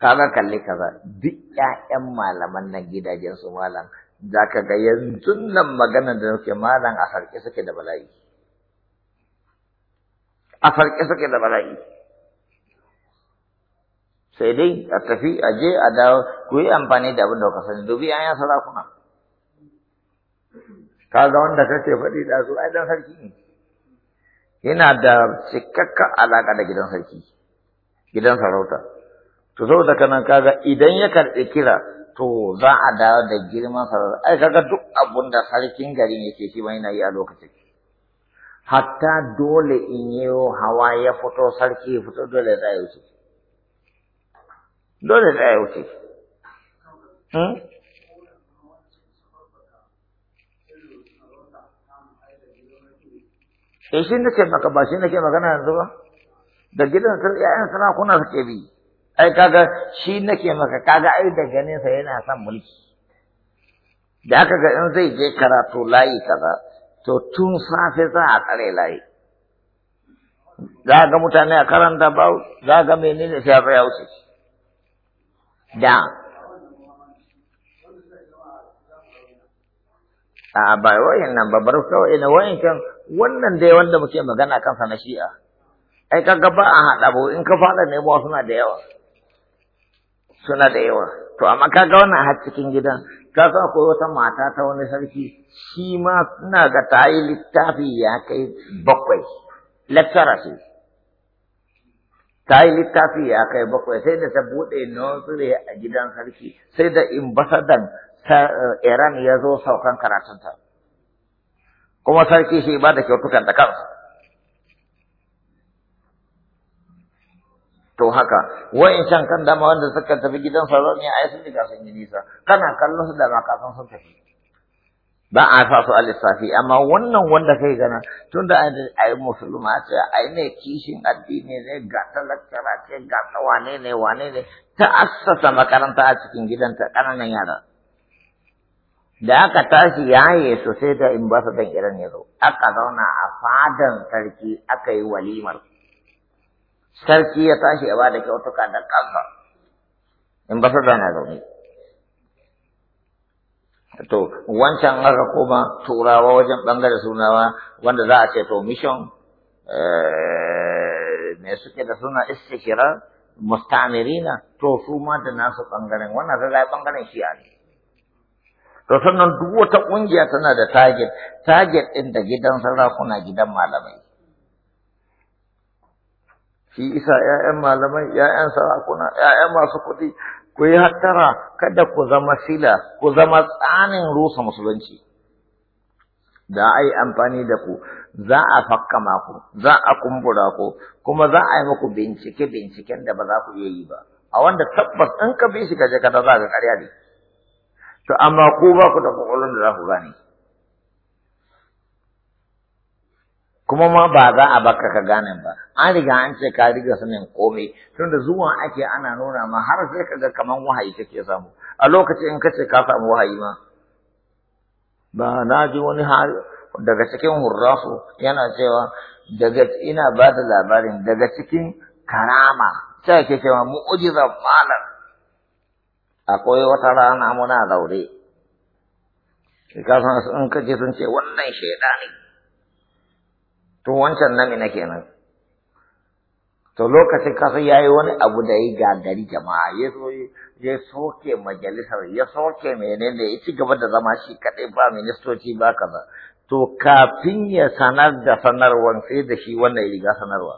kaga kalli kaza duk ƴaƴan malaman nan gidajen su malam zaka ga yanzu nan maganar da nake malam a sarki suke da bala'i a farke suke da bala'i sai dai a tafi a je a dawo ku yi amfani da abin da kuka sani dubi ayan sarakuna kaga wanda kake faɗi da su ai dan sarki ne yana da cikakka alaka da gidan sarki gidan sarauta to saboda kaga idan ya karɓi kira to za a dawo da girman sarauta kaga duk abun da sarkin garin yake shi ma yana yi a lokacin hatta dole in yi hawa ya fito sarki ya fito dole za ya wuce dole za ya wuce hmm? Eh shi nake maka ba shi nake magana yanzu ba da gidan sun ya'yan suna kuna suke bi ai kaga shi nake maka kaga ai da ganin sa yana son mulki da aka ga in zai je karatu layi kaza to tun safe za a tsare layi za ga mutane a karanta ba za ga menene sai a ya wuce da a ba wayan nan babbar kawai na wayan kan wannan dai wanda muke magana kansa na shi'a ai kaga ba a haɗa ba in ka faɗa ne ba suna da yawa suna da yawa to amma kaga wannan har cikin gidan ka san akwai wata mata ta wani sarki shi ma suna ga ta yi littafi ya kai bakwai lecturer ce ta yi littafi ya kai bakwai sai da ta buɗe nursery a gidan sarki sai da in ambasadan eh, Iran ya zo saukan karatunta kuma sarki shi ba da kyautukan da kansa to haka wa'incan kan dama wanda suka tafi gidan sarauniya ai sun riga sun yi nisa kana kallon su da makasan sun tafi ba a fa su amma wannan wanda kai gana tun da ai musulma ce ai ne kishin addini ne ga talakara ce ga wane ne wane ne ta assasa makaranta a cikin gidan ta, kananan yara da aka tashi yaye sosai da in ba su dan iran ya zo aka zauna a fadan sarki aka yi walimar sarki ya tashi ya bada kyautuka da kansa in ba su zana zaune to wancan aka koma turawa wajen bangare sunawa wanda za a ce to mission eh, me suke da suna istikira mustamirina to su ma da nasu bangaren wannan zai bangaren shi ne to sannan duk wata ƙungiya tana da target target ɗin da gidan sarakuna gidan malamai shi isa ‘ya'yan malamai, ‘ya'yan sarakuna, ‘ya'yan masu kuɗi, ku yi hattara kada ku zama sila, ku zama tsanin rusa musulunci. Da a yi amfani da ku, za a fakka maku, za a kumbura ku, kuma za a yi muku bincike-binciken da ba za ku iya yi ba. A wanda tabbas in ka bi shi ka je ka za ka karya ne. To amma ku ba ku da kwakwalwar da za ku gane. kuma ma ba za a baka ka gane ba an riga an ce ka riga sanin komai tunda zuwa ake ana nuna ma har sai kaga kaman wahayi kake samu a lokacin in kace ka samu wahayi ma ba na ji wani hali. daga cikin hurrafu yana cewa daga ina ba da labarin daga cikin karama sai ake cewa mu'jizar malam akwai wata rana muna zaure ka san in kace sun ce wannan shaidani to wancan ina kenan to lokacin kasa ya yi wani abu da ya gari jama'a ya so ya soke majalisar ya soke menene ya ci gaba da zama shi kaɗai ba ministoci ba kaza to kafin ya sanar da sanarwar sai da shi wannan ya riga sanarwa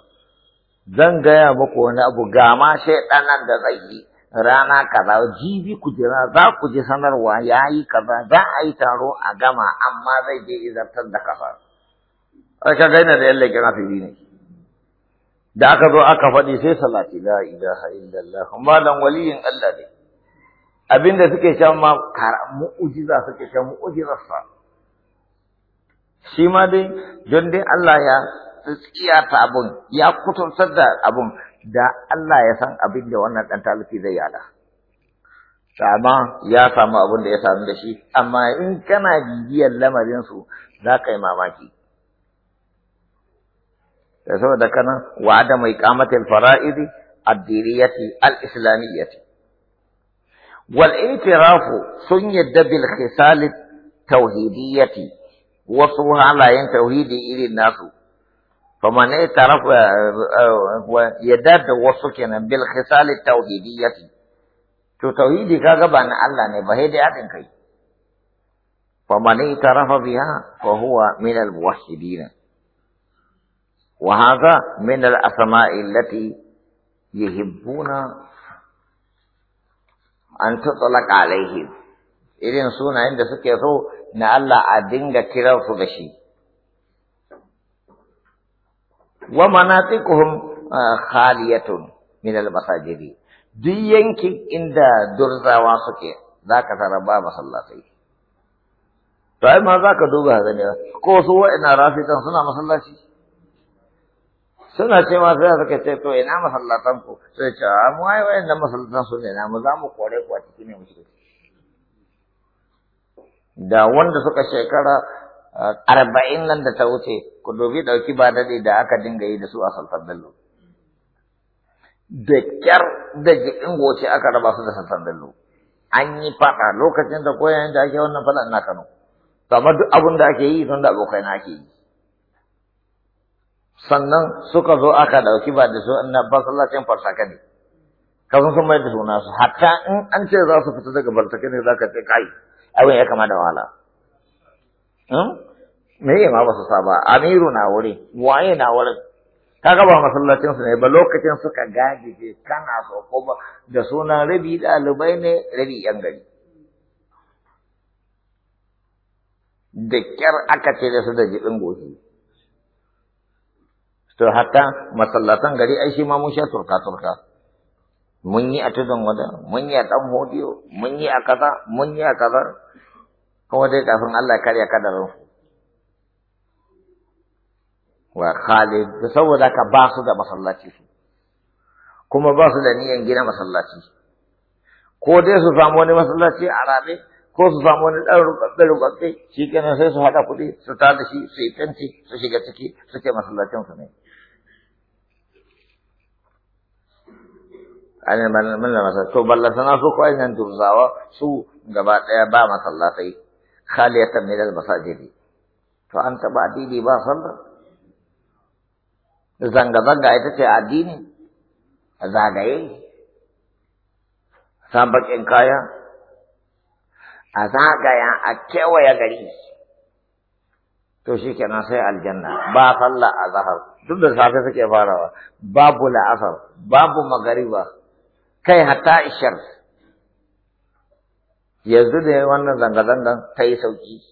zan gaya muku wani abu ga ma ɗanan da zai yi rana kaza jibi ku jira za ku ji sanarwa ya yi kaza za a yi taro a gama amma zai je izartar da kafa. ai kaga yana da yalle kira fi ne da aka zo aka faɗi sai salati la ilaha illallah malam waliyin Allah ne abinda suke shan ma mu'ujiza suke shan mu'ujizarsa shi ma dai don dai Allah ya tsiyata abun ya kutuntar da abun da Allah ya san abin da wannan ɗan talifi zai yada. Sama ya samu abin da ya samu da shi, amma in kana bibiyar lamarinsu za ka yi mamaki. تسوى دكنا وعدم إقامة الفرائض الدينية الإسلامية والإنتراف سن بالخصال التوهيدية التوحيدية وصوها على توحيد إلى الناس فمن اعترف يدب وصكنا بالخصال التوهيدية تو توحيدي كاغب أن الله نبهيد أدن فمن اعترف بها فهو من الموحدين وهذا من الأسماء التي يحبون أن تطلق عليهم إذن سونا عند سكيتو نألا أدنغ كرر فدشي ومناطقهم خالية من المساجد duk yankin inda durzawa suke za ka tara ba masallatai. To ai ma za ka duba gani ko su wa'ina rafikan suna masallaci. suna cewa sai suka ce to ina masallatan ku sai ce a mu ai wayan da masallatan su ne na mu za mu kore ku a cikin ne mu da wanda suka shekara ah, arba'in nan da ta wuce ku dobi dauki ba daɗi da aka dinga yi da su a sultan bello da kyar da jikin goce aka raba su da sultan bello an yi faɗa lokacin da koyan da ake wannan faɗa na kano to amma duk abin da ake yi tun da abokai na ake yi sannan suka zo aka ɗauki ba da su na masallacin farsaka ne san sun mai da suna su hatta in an ce za su fita daga bartaka ne za ka ce kai abin ya kama da wahala hmm? me ya ma ba su saba amiru na wuri waye na wurin kaga ba masallacin su ne ba lokacin suka gajije kana so ko ba da sunan rabi ɗalibai ne rabi yan gari da kyar aka ce da su da jibin goshi to hatta masallatan gari ai shi ma mun sha turka turka mun yi a tudun wada mun yi a dan hodiyo mun yi a kaza mun yi a kaza kuma dai kafin Allah karya kadarin wa Khalid saboda ka ba su da masallaci su kuma ba su da niyan gina masallaci ko dai su samu wani masallaci a rabe ko su samu wani ɗan rubabbe rubabbe shi kenan sai su haɗa kuɗi su da shi su yi tanti su shiga ciki su ce masallacin su ne ana mana masa to sana su ko ainihin turzawa su gaba ɗaya ba masallatai khaliyatan min al-masajidi to an taba addini ba sallah zanga zanga ita ce addini zagaye sabakin kaya a zagaya a kewaye gari to shi kenan sai aljanna ba sallah a zahar duk da safe suke farawa babu la'asar babu magariba kai hatta ishar yanzu da wannan zanga-zangan ta yi sauki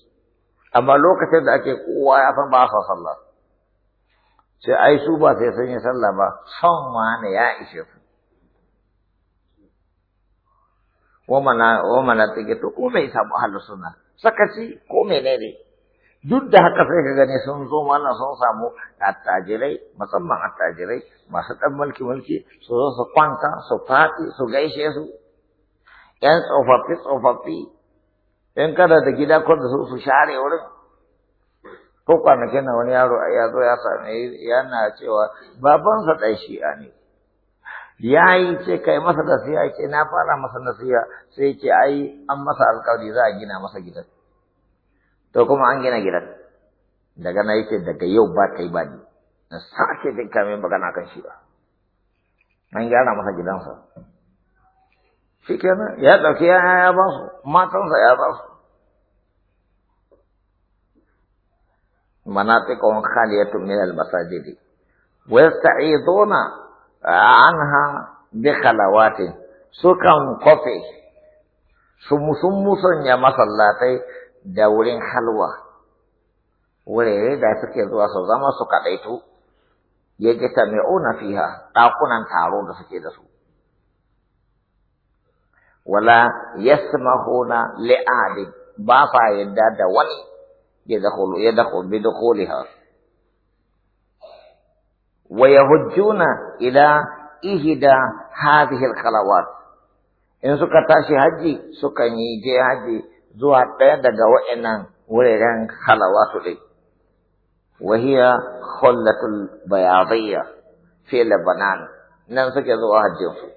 amma lokacin da ake kowa ya san ba sa sallah sai ai su ba sai sun yi sallah ba son na ya ishe su wa mana wa to ko mai samu halu suna sakaci ko menene ne duk da haka sai ka gani sun zo mana sun samu attajirai musamman attajirai masu ɗan mulki mulki su zo su kwanta su faɗi su gaishe su ƴan tsofaffi tsofaffi ƴan kada da gida ko da su su share wurin ko kwanakin na wani yaro ya zo ya same yana cewa babansa ɗan a ne ya yi ce kai masa nasiha ce na fara masa nasiha sai ce ai an masa alƙawari za a gina masa gidan to kuma an gina gidan daga na yake daga yau ba ta yi bani na sake jin kamin magana kan shi ba an gyara masa gidansa shi kenan ya ɗauki yaya ya ba su matansa ya ba su manatikon khaliyatun min almasajidi wa An anha bi khalawatin su kan kofe su musun ya masallatai da wurin halwa wurare da suke zuwa su zama su kaɗaitu ya ji ona fiha ɗakunan taro da suke da su wala hona li'adi ba sa yadda da wani ya dakhulu ya dakhulu bi ha. wa yahujjuna ila ihida hadhihi al in suka tashi haji sukan yi je haji zuwa ɗaya daga wa’inan wuraren halawa su ɗai. Wahiya khullatul bayadiyya fela Lebanon nan suke zuwa hajjinsu.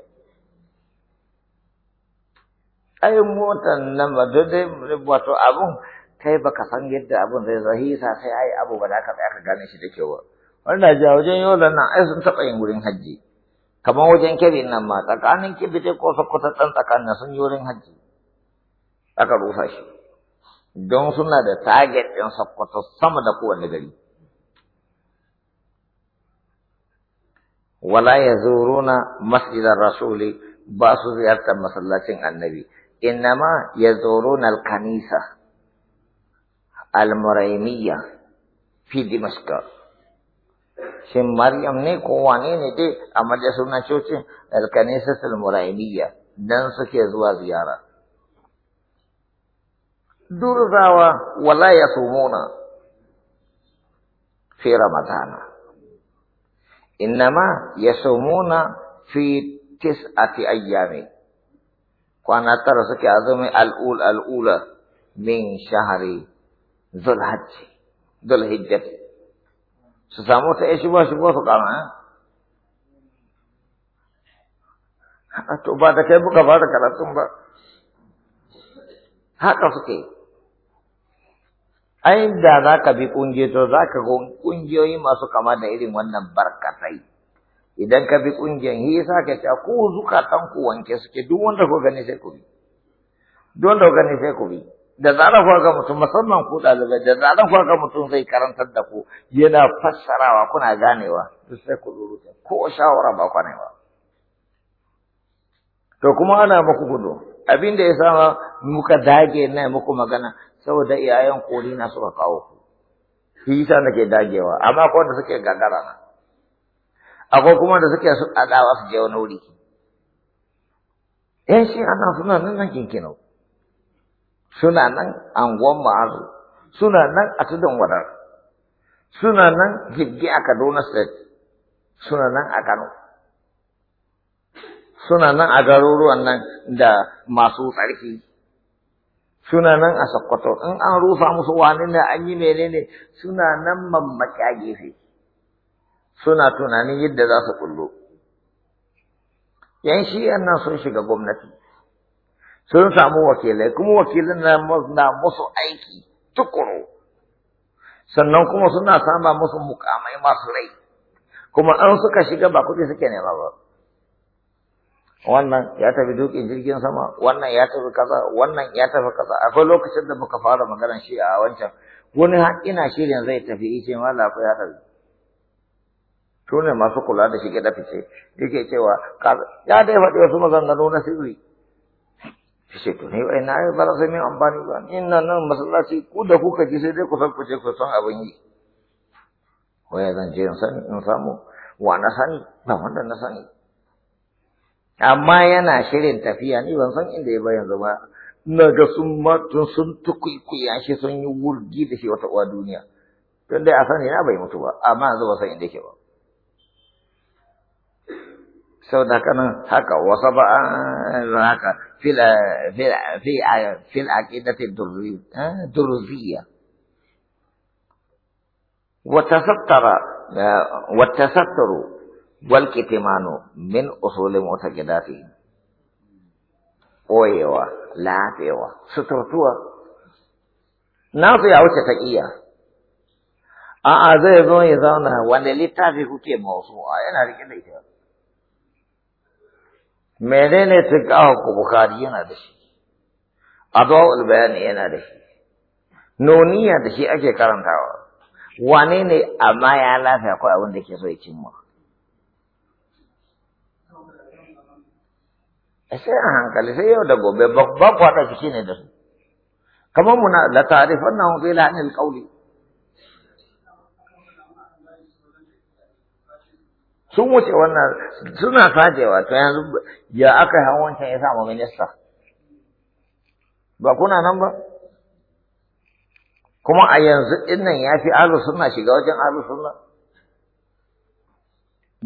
su. motar nan ba dai wato abun kai ba ka san yadda abun zai zahisa sai ai abu ba da ka tsaya ka gane shi da kyau ba. Wanda ja wajen da nan ai sun taɓa yin wurin hajji. Kamar wajen kebin nan ma tsakanin kebi dai ko sokoto tsan tsakanin sun yi wurin hajji. aka rusa shi don suna da target ɗin sakkwato sama da kowane gari wala ya na masjidar rasuli ba su ziyartar masallacin annabi innama ya na alkanisa almuraimiyya fi dimashka shin maryam ne ko wane ne dai a majalisar na cocin alkanisa almuraimiyya dan suke zuwa ziyara durzawa wala ya sumuna fi ramadana innama ya sumuna fi tis'ati ayyami kwana tara suke azumi al'ul al'ula min shahari zulhajji zulhijjati su samu ta ya shigo shigo su kama to ba da kai buka ba da karatun ba haka suke ai da za ka bi ƙungiyoyi to za ka ga ƙungiyoyi masu kama da irin wannan barkatai idan ka bi ƙungiyan hisa sa ka ce ku tan ku wanke suke duk wanda ku gani sai ku bi duk wanda gani sai ku bi da zara ku ga mutum musamman ku ɗalibai da zara ku ga mutum zai karantar da ku yana fassarawa kuna ganewa duk sai ku rubuta ko shawara ba ba to kuma ana muku gudu abin da ya sama muka dage na muku magana saboda iyayen kori na suka kawo ku shi yasa nake dagewa amma akwai da suke gagara na akwai kuma da suke su adawa su je wani wuri yan shi ana suna nan nan kinkino suna nan anguwan ma'azu suna nan a tudun wadar suna nan jirgi a kaduna state suna nan a kano suna nan a garuruwan nan da masu tsarki suna nan a sakkwato in an rufa musu wani ne an yi menene suna nan mammaki a gefe suna tunanin yadda za su kullo yan shi nan sun shiga gwamnati sun samu wakilai kuma wakilin na musu aiki tukuru sannan kuma suna sama musu mukamai masu rai kuma an suka shiga ba kuɗi suke nema ba wannan ya tafi dukin jirgin sama wannan ya tafi kaza wannan ya tafi kaza akwai lokacin da muka fara maganar shi a wancan wani har ina shirin zai tafi yace ma la ya tafi to ne masu kula da shige da fice yake cewa ya dai faɗi wasu maganganu na sirri ce to ne wai na ba za su yi amfani ba ina nan masallaci ku da kuka ji sai dai ku san ku ce ku san abin yi waya zan je in sani in samu wa na sani ba wanda na sani amma yana shirin tafiya ni ban san inda ya ba yanzu ba ina ga sun matun sun tukuikuya shi sun yi wurgi da shi wata uwa duniya don dai a sani na bai mutu ba amma yanzu ba san inda yake ba Sau da kanan haka wasa ba ah, haka fil a ah, fi fil aqidati Wata sattara. wal kitimanu min usuli mutakidati Oyewa, lafewa suturtuwa su ya wuce ta iya a'a zai zo ya zauna wanda littafi kuke mawasu a yana rike da ita menene kawo ku bukari yana da shi adawul ne yana da shi noniya da shi ake karantawa wane ne amma ya lafiya akwai abin da ke so ya cimma sai a hankali sai yau da gobe babban kwaɗa fice ne da su kamar muna da ta'rifan na zai la'anin qawli sun wuce wannan suna sajewa to yanzu ya aka yi wancan ya mu minista ba kuna nan ba kuma a yanzu nan ya fi alu suna shiga wajen alu suna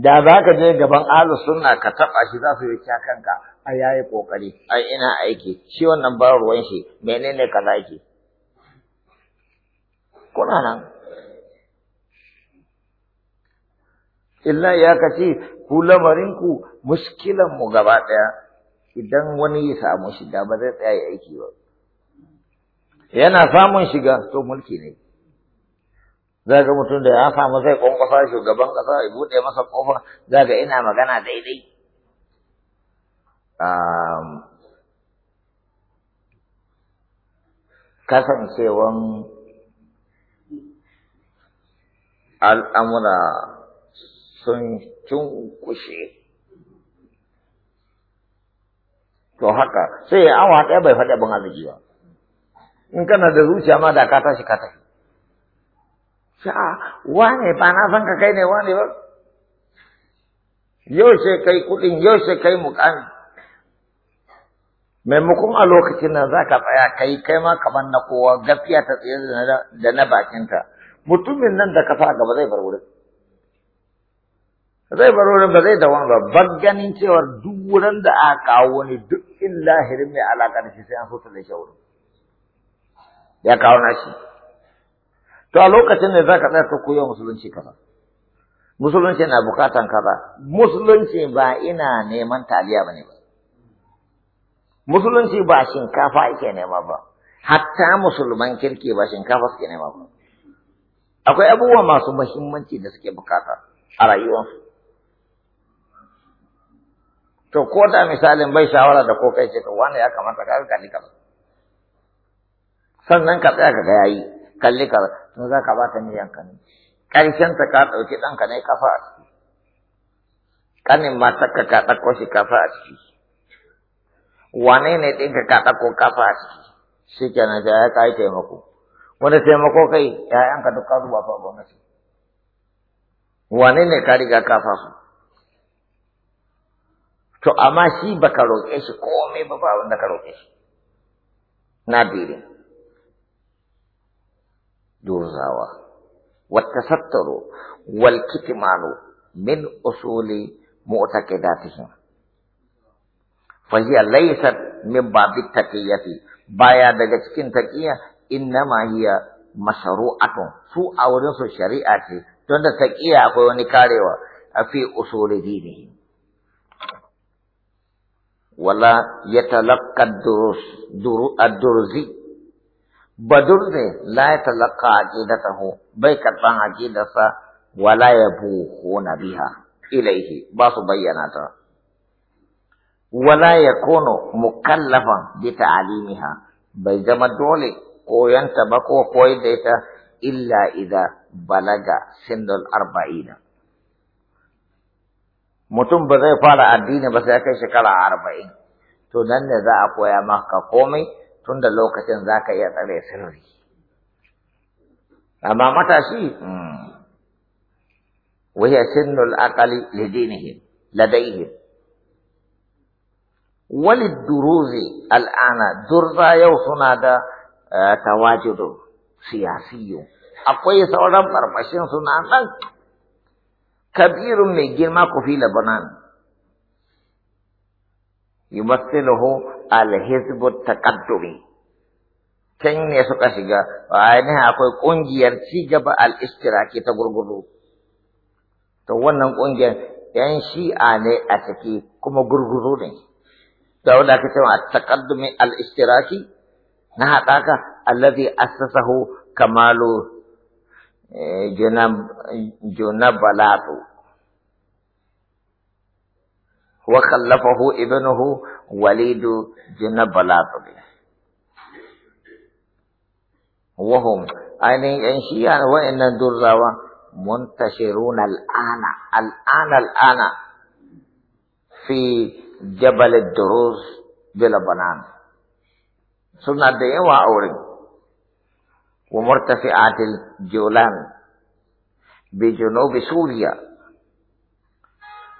da za ka je gaban alu suna ka taba shi za su yi kanka a yayi kokari ai ina aiki shi wannan ba ruwan shi menene za ki? kuna nan illa ya kace ku lamarin ku muskilan mu gaba daya idan wani ya samu shi, da ba zai tsaya aiki ba yana samun shiga to mulki ne za ga mutum da ya samu zai kwankwasa shugaban ƙasa ya buɗe masa ƙofa za ga ina magana daidai kasancewan al'amura sun cunkushe to haka sai awa ɗaya bai faɗi abin arziki ba in kana da zuciya ma da ka tashi ka tafi sha'a wane ba na san ka kai ne wane ba sai kai kuɗin sai kai mukami maimakon a lokacin nan za ka tsaya kai kai ma kamar na kowa gafiya ta tsaye da na bakinta mutumin nan da ka sa gaba zai bar wurin zai bar wurin ba zai da wani ba ban ganin cewar duk wurin da aka kawo wani duk illahirin mai alaƙa da shi sai an so ta da shi wurin ya kawo na shi to a lokacin da ka tsaya ka koyo musulunci kaza musulunci na bukatan kaza musulunci ba ina neman taliya bane ba musulunci ba shinkafa yake nema ba hatta musulman kirki ba shinkafa suke nema ba akwai abubuwa masu muhimmanci da suke bukata a rayuwarsu to ko da misalin bai shawara da ko kai ce to wani ya kamata ka kalli kaza sannan ka tsaya ka ga yayi kalli kaza to za ka bata ka ne ƙarshen ta ka ɗauki ɗanka ne kafa a ciki ƙanin matarka ka ɗauko shi kafa a ciki wane ne ɗinka ka ɗauko kafa a ciki shi kenan ta ya kai taimako wanda taimako kai ya duk ka zuba fa gwamnati wane ne ka riga kafa su to amma shi baka roƙe shi komai ba ba wanda ka roƙe shi na birin دوزاوة والتستر والكتمان من أصول معتقداتهم فهي ليست من باب التقية بايا دجتكين تقية إنما هي مشروعة سوء او أورنس شريعة تند تقية أخوة نكاريوة في أصول دينهم ولا يتلقى الدروس الدرزي badur ne la ya talaka aqidatahu bai karban aqidarsa wala na biha ilaihi ba su bayyana ta wala yakunu mukallafan bi ta'limiha bai zama dole koyanta ba ko koyar da ita illa idza balaga sindul arba'ina mutum ba zai fara addini ba sai kai shekara arba'in to nan ne za a koya maka komai tun da lokacin za ka iya tsare sirri amma matashi وهي سن العقل لدينهم لديهم وللدروز الآن درزا يوصنا دا تواجد سياسي أقوي سورا برمشين سنانا كبير من جرما في لبنان يمثله Al-Hizb Al-Hizbut taqaddumi can ne suka shiga ainihin akwai ƙungiyar cigaba al-istiraki ta gurguru? to wannan ƙungiyar yan shi'a ne a ciki kuma gurguru ne da wanda aka ce taqaddumi al-istiraki na haɗaka allazi assasahu kamalu eh, Balatu. وخلفه ابنه وليد جن بلاطبي وهم يعني أين ينشي وإن الدرزا منتشرون الآن الآن الآن في جبل الدروز بلبنان سنة دين وأورين ومرتفعات الجولان بجنوب سوريا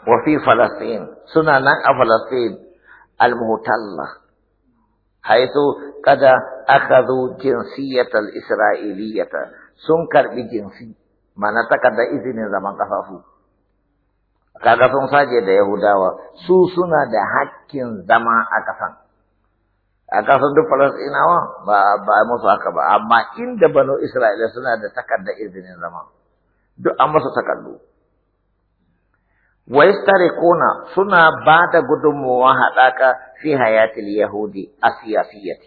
وفي فلسطين سنن فلسطين المهتلة حيث قد أخذوا جنسية الإسرائيلية سنكر بجنسي ما نتكد إذن izinin zaman kaga sun saje da Yahudawa su suna da hakkin zama a kasan a kasan duk Falasɗinawa ba ba musu haka ba amma inda banu Isra'ila suna da takarda izinin zama duk an musu takardu ويسترقون سنة بعد قدم وهلاك في حياة اليهود السياسية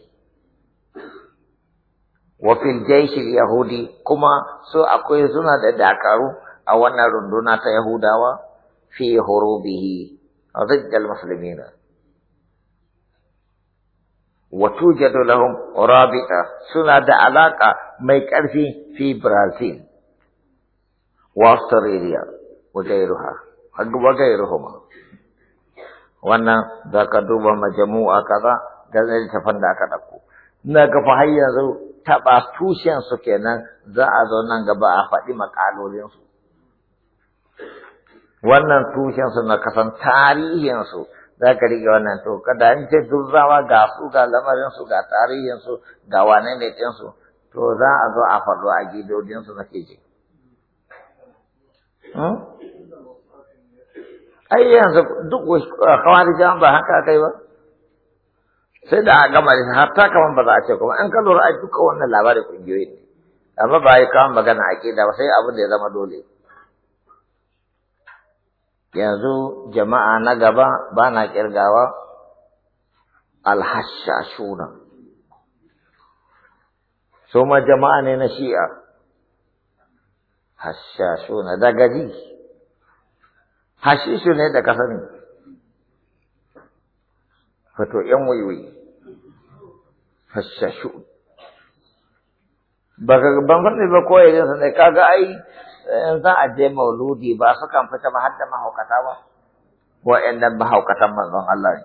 وفي الجيش اليهودي كما سو أكوي سنا دعكارو أو أن رندنا يهودا في هروبه ضد المسلمين وتوجد لهم رابطة سنة علاقة ميكرفي في برازيل واستراليا وغيرها وغيرهما wannan za ka duba majmu'a kaza da zai da aka dauko ina ga fa har yanzu taɓa tushen su kenan za a zo nan gaba a faɗi makalolin su wannan tushen su na kasan tarihin su za ka rike wannan to kada an ce durzawa ga su ga lamarin su ga tarihin su ga wane ne ɗin su to za a zo a faɗo a gidodin su na ke ai yanzu duk kawarijan ba haka kai ba sai da gama da ta kaman ba za a ce kuma in ka lura a duka wannan labarin kungiyoyi ne amma ba ya kawo magana akida ba sai abin da ya zama dole yanzu jama'a na gaba ba na kirgawa alhashashuna su ma jama'a ne na shi'a hashashuna daga ji hashishu ne da ka sani fato yan waiwai hashashu ba ka ban sani ba ko yayin sa ne kaga ai in eh, za a je mauludi ba su kan fita ba har da mahaukata ba wa'annan mahaukatan manzon Allah ne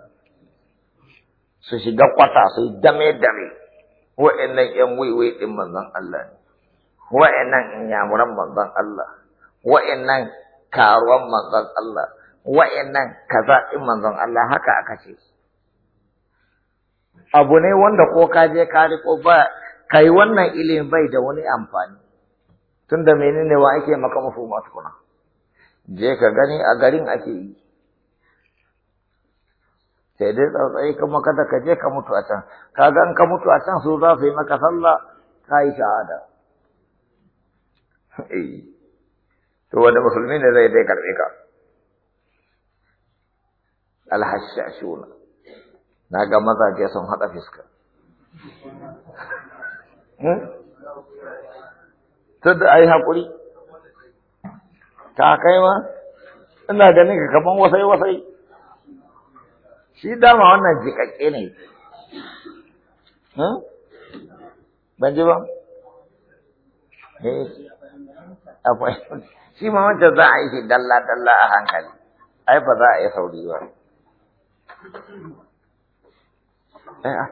su shiga kwata su yi dame dame wa'annan yan waiwai din manzon Allah ne wa'annan yamuran manzon Allah nan taruwan manzon Allah wa’yannan kaza din manzon Allah haka aka ce abu ne wanda ko ka je ka riko ba kai wannan ilimin bai da wani amfani tunda menene wa ake maka mafu tukuna? je ka gani a garin ake yi sai dai tsautsayi kuma kada ka je ka mutu a can ka ga ka mutu a can su za su yi maka sallah ka yi shahada (laughs) eh to wanda musulmi ne zai dai karbe ka alhashashuna na ga mazaje sun haɗa fiska hmm? tunda ai hakuri ta kai ma ina ganin ka kaman wasai wasai shi dama wannan jikakke ne hmm? ban ji ba eh akwai shi ma wanda za a yi shi dalla dalla a hankali ai ba za a yi sauri ba eh, ah,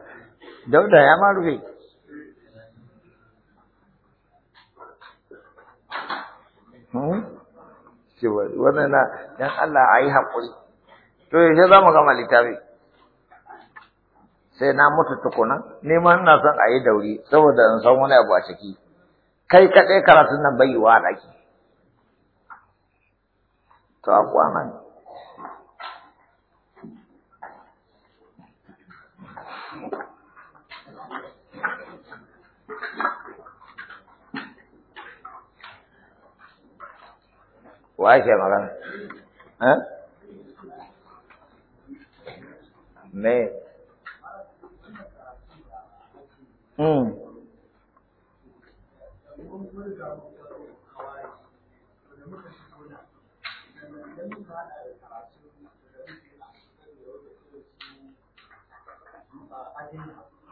dauda ya ma rufe hmm? wannan na dan Allah a yi haƙuri to yaushe za mu gama littafi sai na mutu tukuna neman na son a yi dauri saboda in san wani abu a ciki kai kaɗai karatun nan bai yi wa ɗaki to a kwanan wa ake magana eh? me hmm.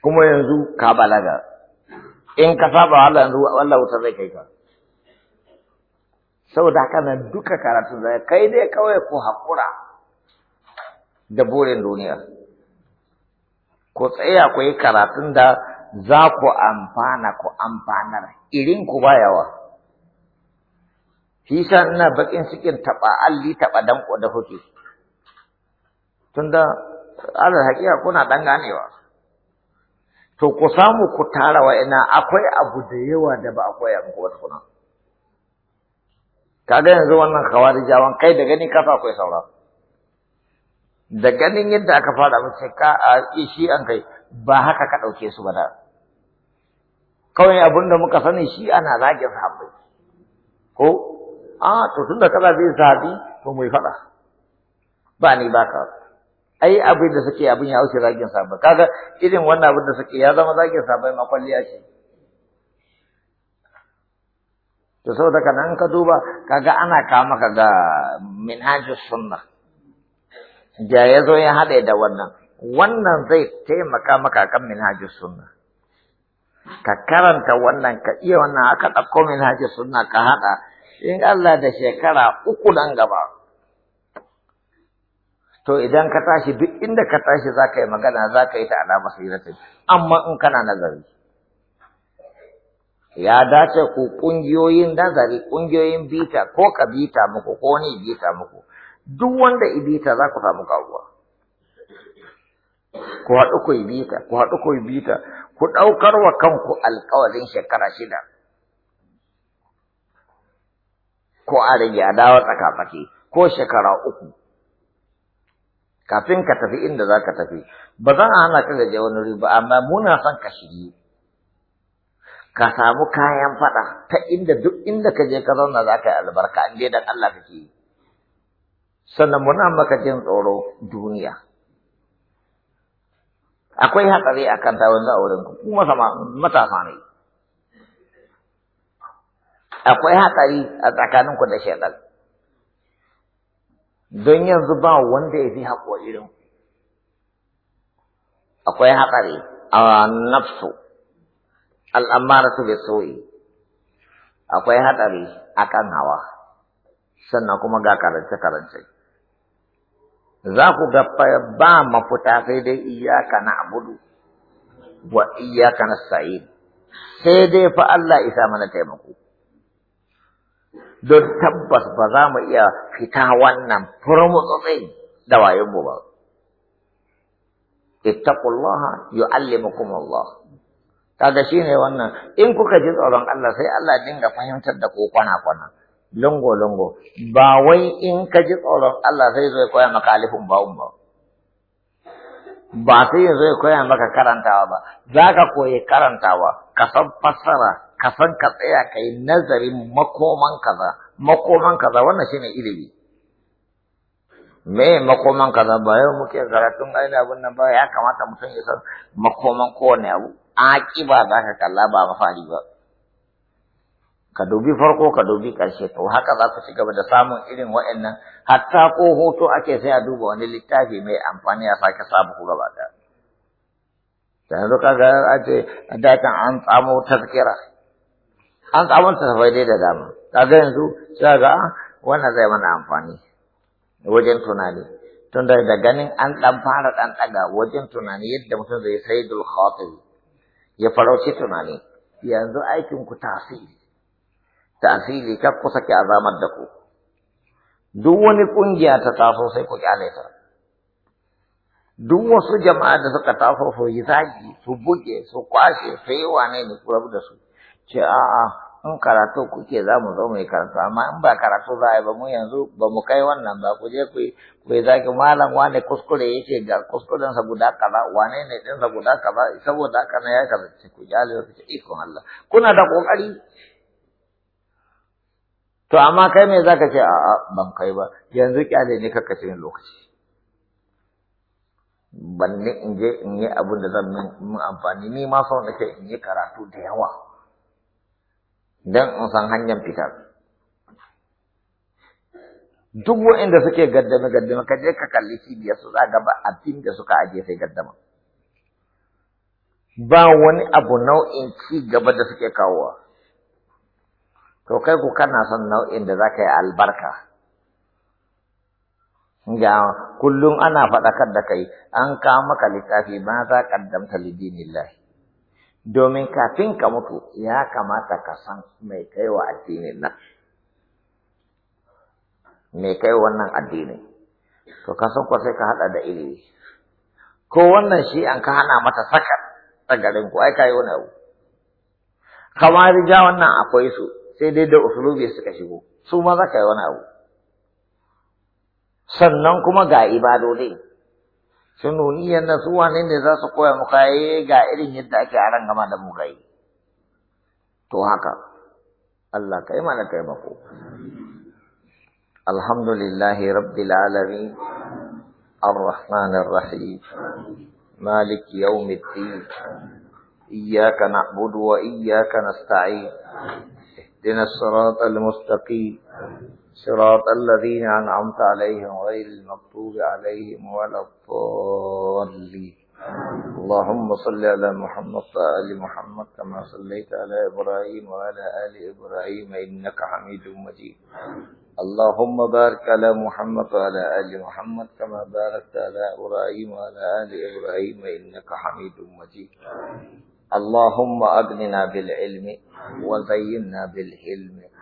kuma yanzu ka balaga in ka saba Allah yanzu Allah wuta zai kai ka saboda haka nan duka karatu zai kai dai kawai ku hakura da burin duniya ku tsaya ku yi karatun da za ku amfana ku amfanar irin ku ba yawa shi sa ina bakin cikin taɓa alli taɓa danko da kuke tunda alal haƙiƙa kuna ɗan ganewa To ku samu ku tara ina akwai abu da yawa da ba a koya muku kuna. Kaga yanzu wannan jawon kai da gani kafa akwai saura. Da ganin yadda aka fara mace ka a shi an kai ba haka ka ɗauke su ba da. Kawai abin muka sani shi ana zagin sahabbai. Ko? A to tunda kaza zai sahabi to mu yi faɗa. Ba ni ba ka. ai abin da suke abin ya wuce zagin sabai kaga irin wannan abin da suke ya zama zagin sabai ma kwalliya ce to saboda kana ka duba kaga ana kama maka ga minhajus sunna da ya zo ya haɗe da wannan wannan zai taimaka maka kan minhajus sunna ka karanta wannan ka iya wannan aka ɗauko minhajus sunna ka haɗa in Allah da shekara uku nan gaba to idan ka tashi duk inda ka tashi za ka yi magana za ka yi ta ala basiratin amma in kana nazari ya dace ku ƙungiyoyin nazari ƙungiyoyin bita ko ka bita muku ko ni bita muku duk wanda bita za ku samu karuwa ku haɗu ku bita ku haɗu ku bita ku ɗaukar wa kanku alƙawarin shekara shida ko a rage a dawo tsaka ko shekara uku kafin ka tafi inda za ka tafi ba za hana ka gaje wani wuri ba amma muna son ka shiri ka samu kayan faɗa ta inda duk inda ka je ka zauna za ka yi albarka inda dan Allah kake yi sannan muna maka jin tsoro duniya akwai hatsari a kan tawon za a wurin ku matasa ne akwai hatsari a tsakaninku da shaitan don yanzu ba wanda ya fi haƙo irin akwai haƙari a nafsu su bai soyi akwai haɗari akan hawa sannan kuma ga karance-karance za ku ga ba mafuta sai dai iyaka na abudu wa iyaka na sa'id sai dai fa Allah isa mana taimako don tabbas ba za mu iya fita wannan furmutsutsai da wayonmu ba. Ittaqullaha yu'allimukum Allah. Kaga shine wannan in kuka ji tsoron Allah sai Allah dinga fahimtar da ku kwana kwana. Lungo lungo ba wai in ka ji tsoron Allah sai zai koya maka alifin ba'un ba. Ba sai zai koya maka karantawa ba, za ka koyi karantawa, ka san fassara, ka san ka tsaya ka yi nazarin makoman kaza makoman kaza wannan shine ilimi me makoman kaza ba yau muke karatun aini abin nan ba ya kamata mutum ya san makoman kowane abu aƙiba za ka kalla ba mafari ba ka dubi farko ka dubi ƙarshe to haka za ku ci gaba da samun irin wa'annan hatta ko hoto ake sai a duba wani littafi mai amfani a sake samu gaba ɗaya yanzu kaga a ce an tsamo tazkira an tafai dai da dama kaga yanzu sai ga ah, wannan zai mana amfani wajen tunani tun da ganin an dan fara dan daga wajen tunani yadda mutum zai saidul khatir ya farauci tunani yanzu aikin ku tasiri tasiri kar ku sake azamar da ku duk wani kungiya ta taso sai ku kyale ta duk wasu jama'a da suka taso su yi zagi su buge su kwashe su yi wane ne ku rabu da su ce a'a in karatu kuke za mu zo mai karatu amma in ba karatu za a yi ba mu yanzu ba mu kai wannan ba ku je ku yi zaki malam wane kuskure ya yake ga kuskuren sa guda kaza wane ne din sa guda kaza saboda haka na ya kaza ce ku jale ku ce ikon Allah kuna da kokari to amma kai me zaka ce a'a ban kai ba yanzu kyale ne ka kace lokaci ne in je in yi abin da zan min amfani ni ma sau nake in yi karatu da yawa dan in san hanyar fita duk waɗanda suke gaddama-gaddama, ka je ka kalli cibiyar su za gaba abin da suka aje sai gaddama ba wani abu nau'in ci gaba da suke kawowa to kai ku kana son nau'in da za ka yi albarka ga kullum ana faɗakar da kai an kawo maka littafi ma za ka kaddamta lidinillahi domin kafin ka mutu ya kamata ka san mai kaiwa addinin nan mai kai wannan addini to ka san sai ka hada da ilimi ko wannan shi an ka hana mata saka tsagarin ku ai kai wani abu kamar rija wannan akwai su sai dai da usulubi suka shigo su ma za ka yi wani abu sannan kuma ga ibadodi. sununiyan na su wane ne za su koya muka yayi ga irin yadda ake aran gama da mugaye to haka Allah kai mana kai mako alhamdulillahi rabbil alamin arrahmanir rahim مالك يوم الدين إياك نعبد وإياك نستعين اهدنا الصراط المستقيم صراط الذين أنعمت عليهم غير المغضوب عليهم ولا الضالين اللهم صل على محمد ال محمد كما صليت على إبراهيم وعلى آل إبراهيم إنك حميد مجيد اللهم بارك على محمد وعلى آل محمد كما باركت على إبراهيم وعلى آل إبراهيم إنك حميد مجيد اللهم أغننا بالعلم وزينا بالحلم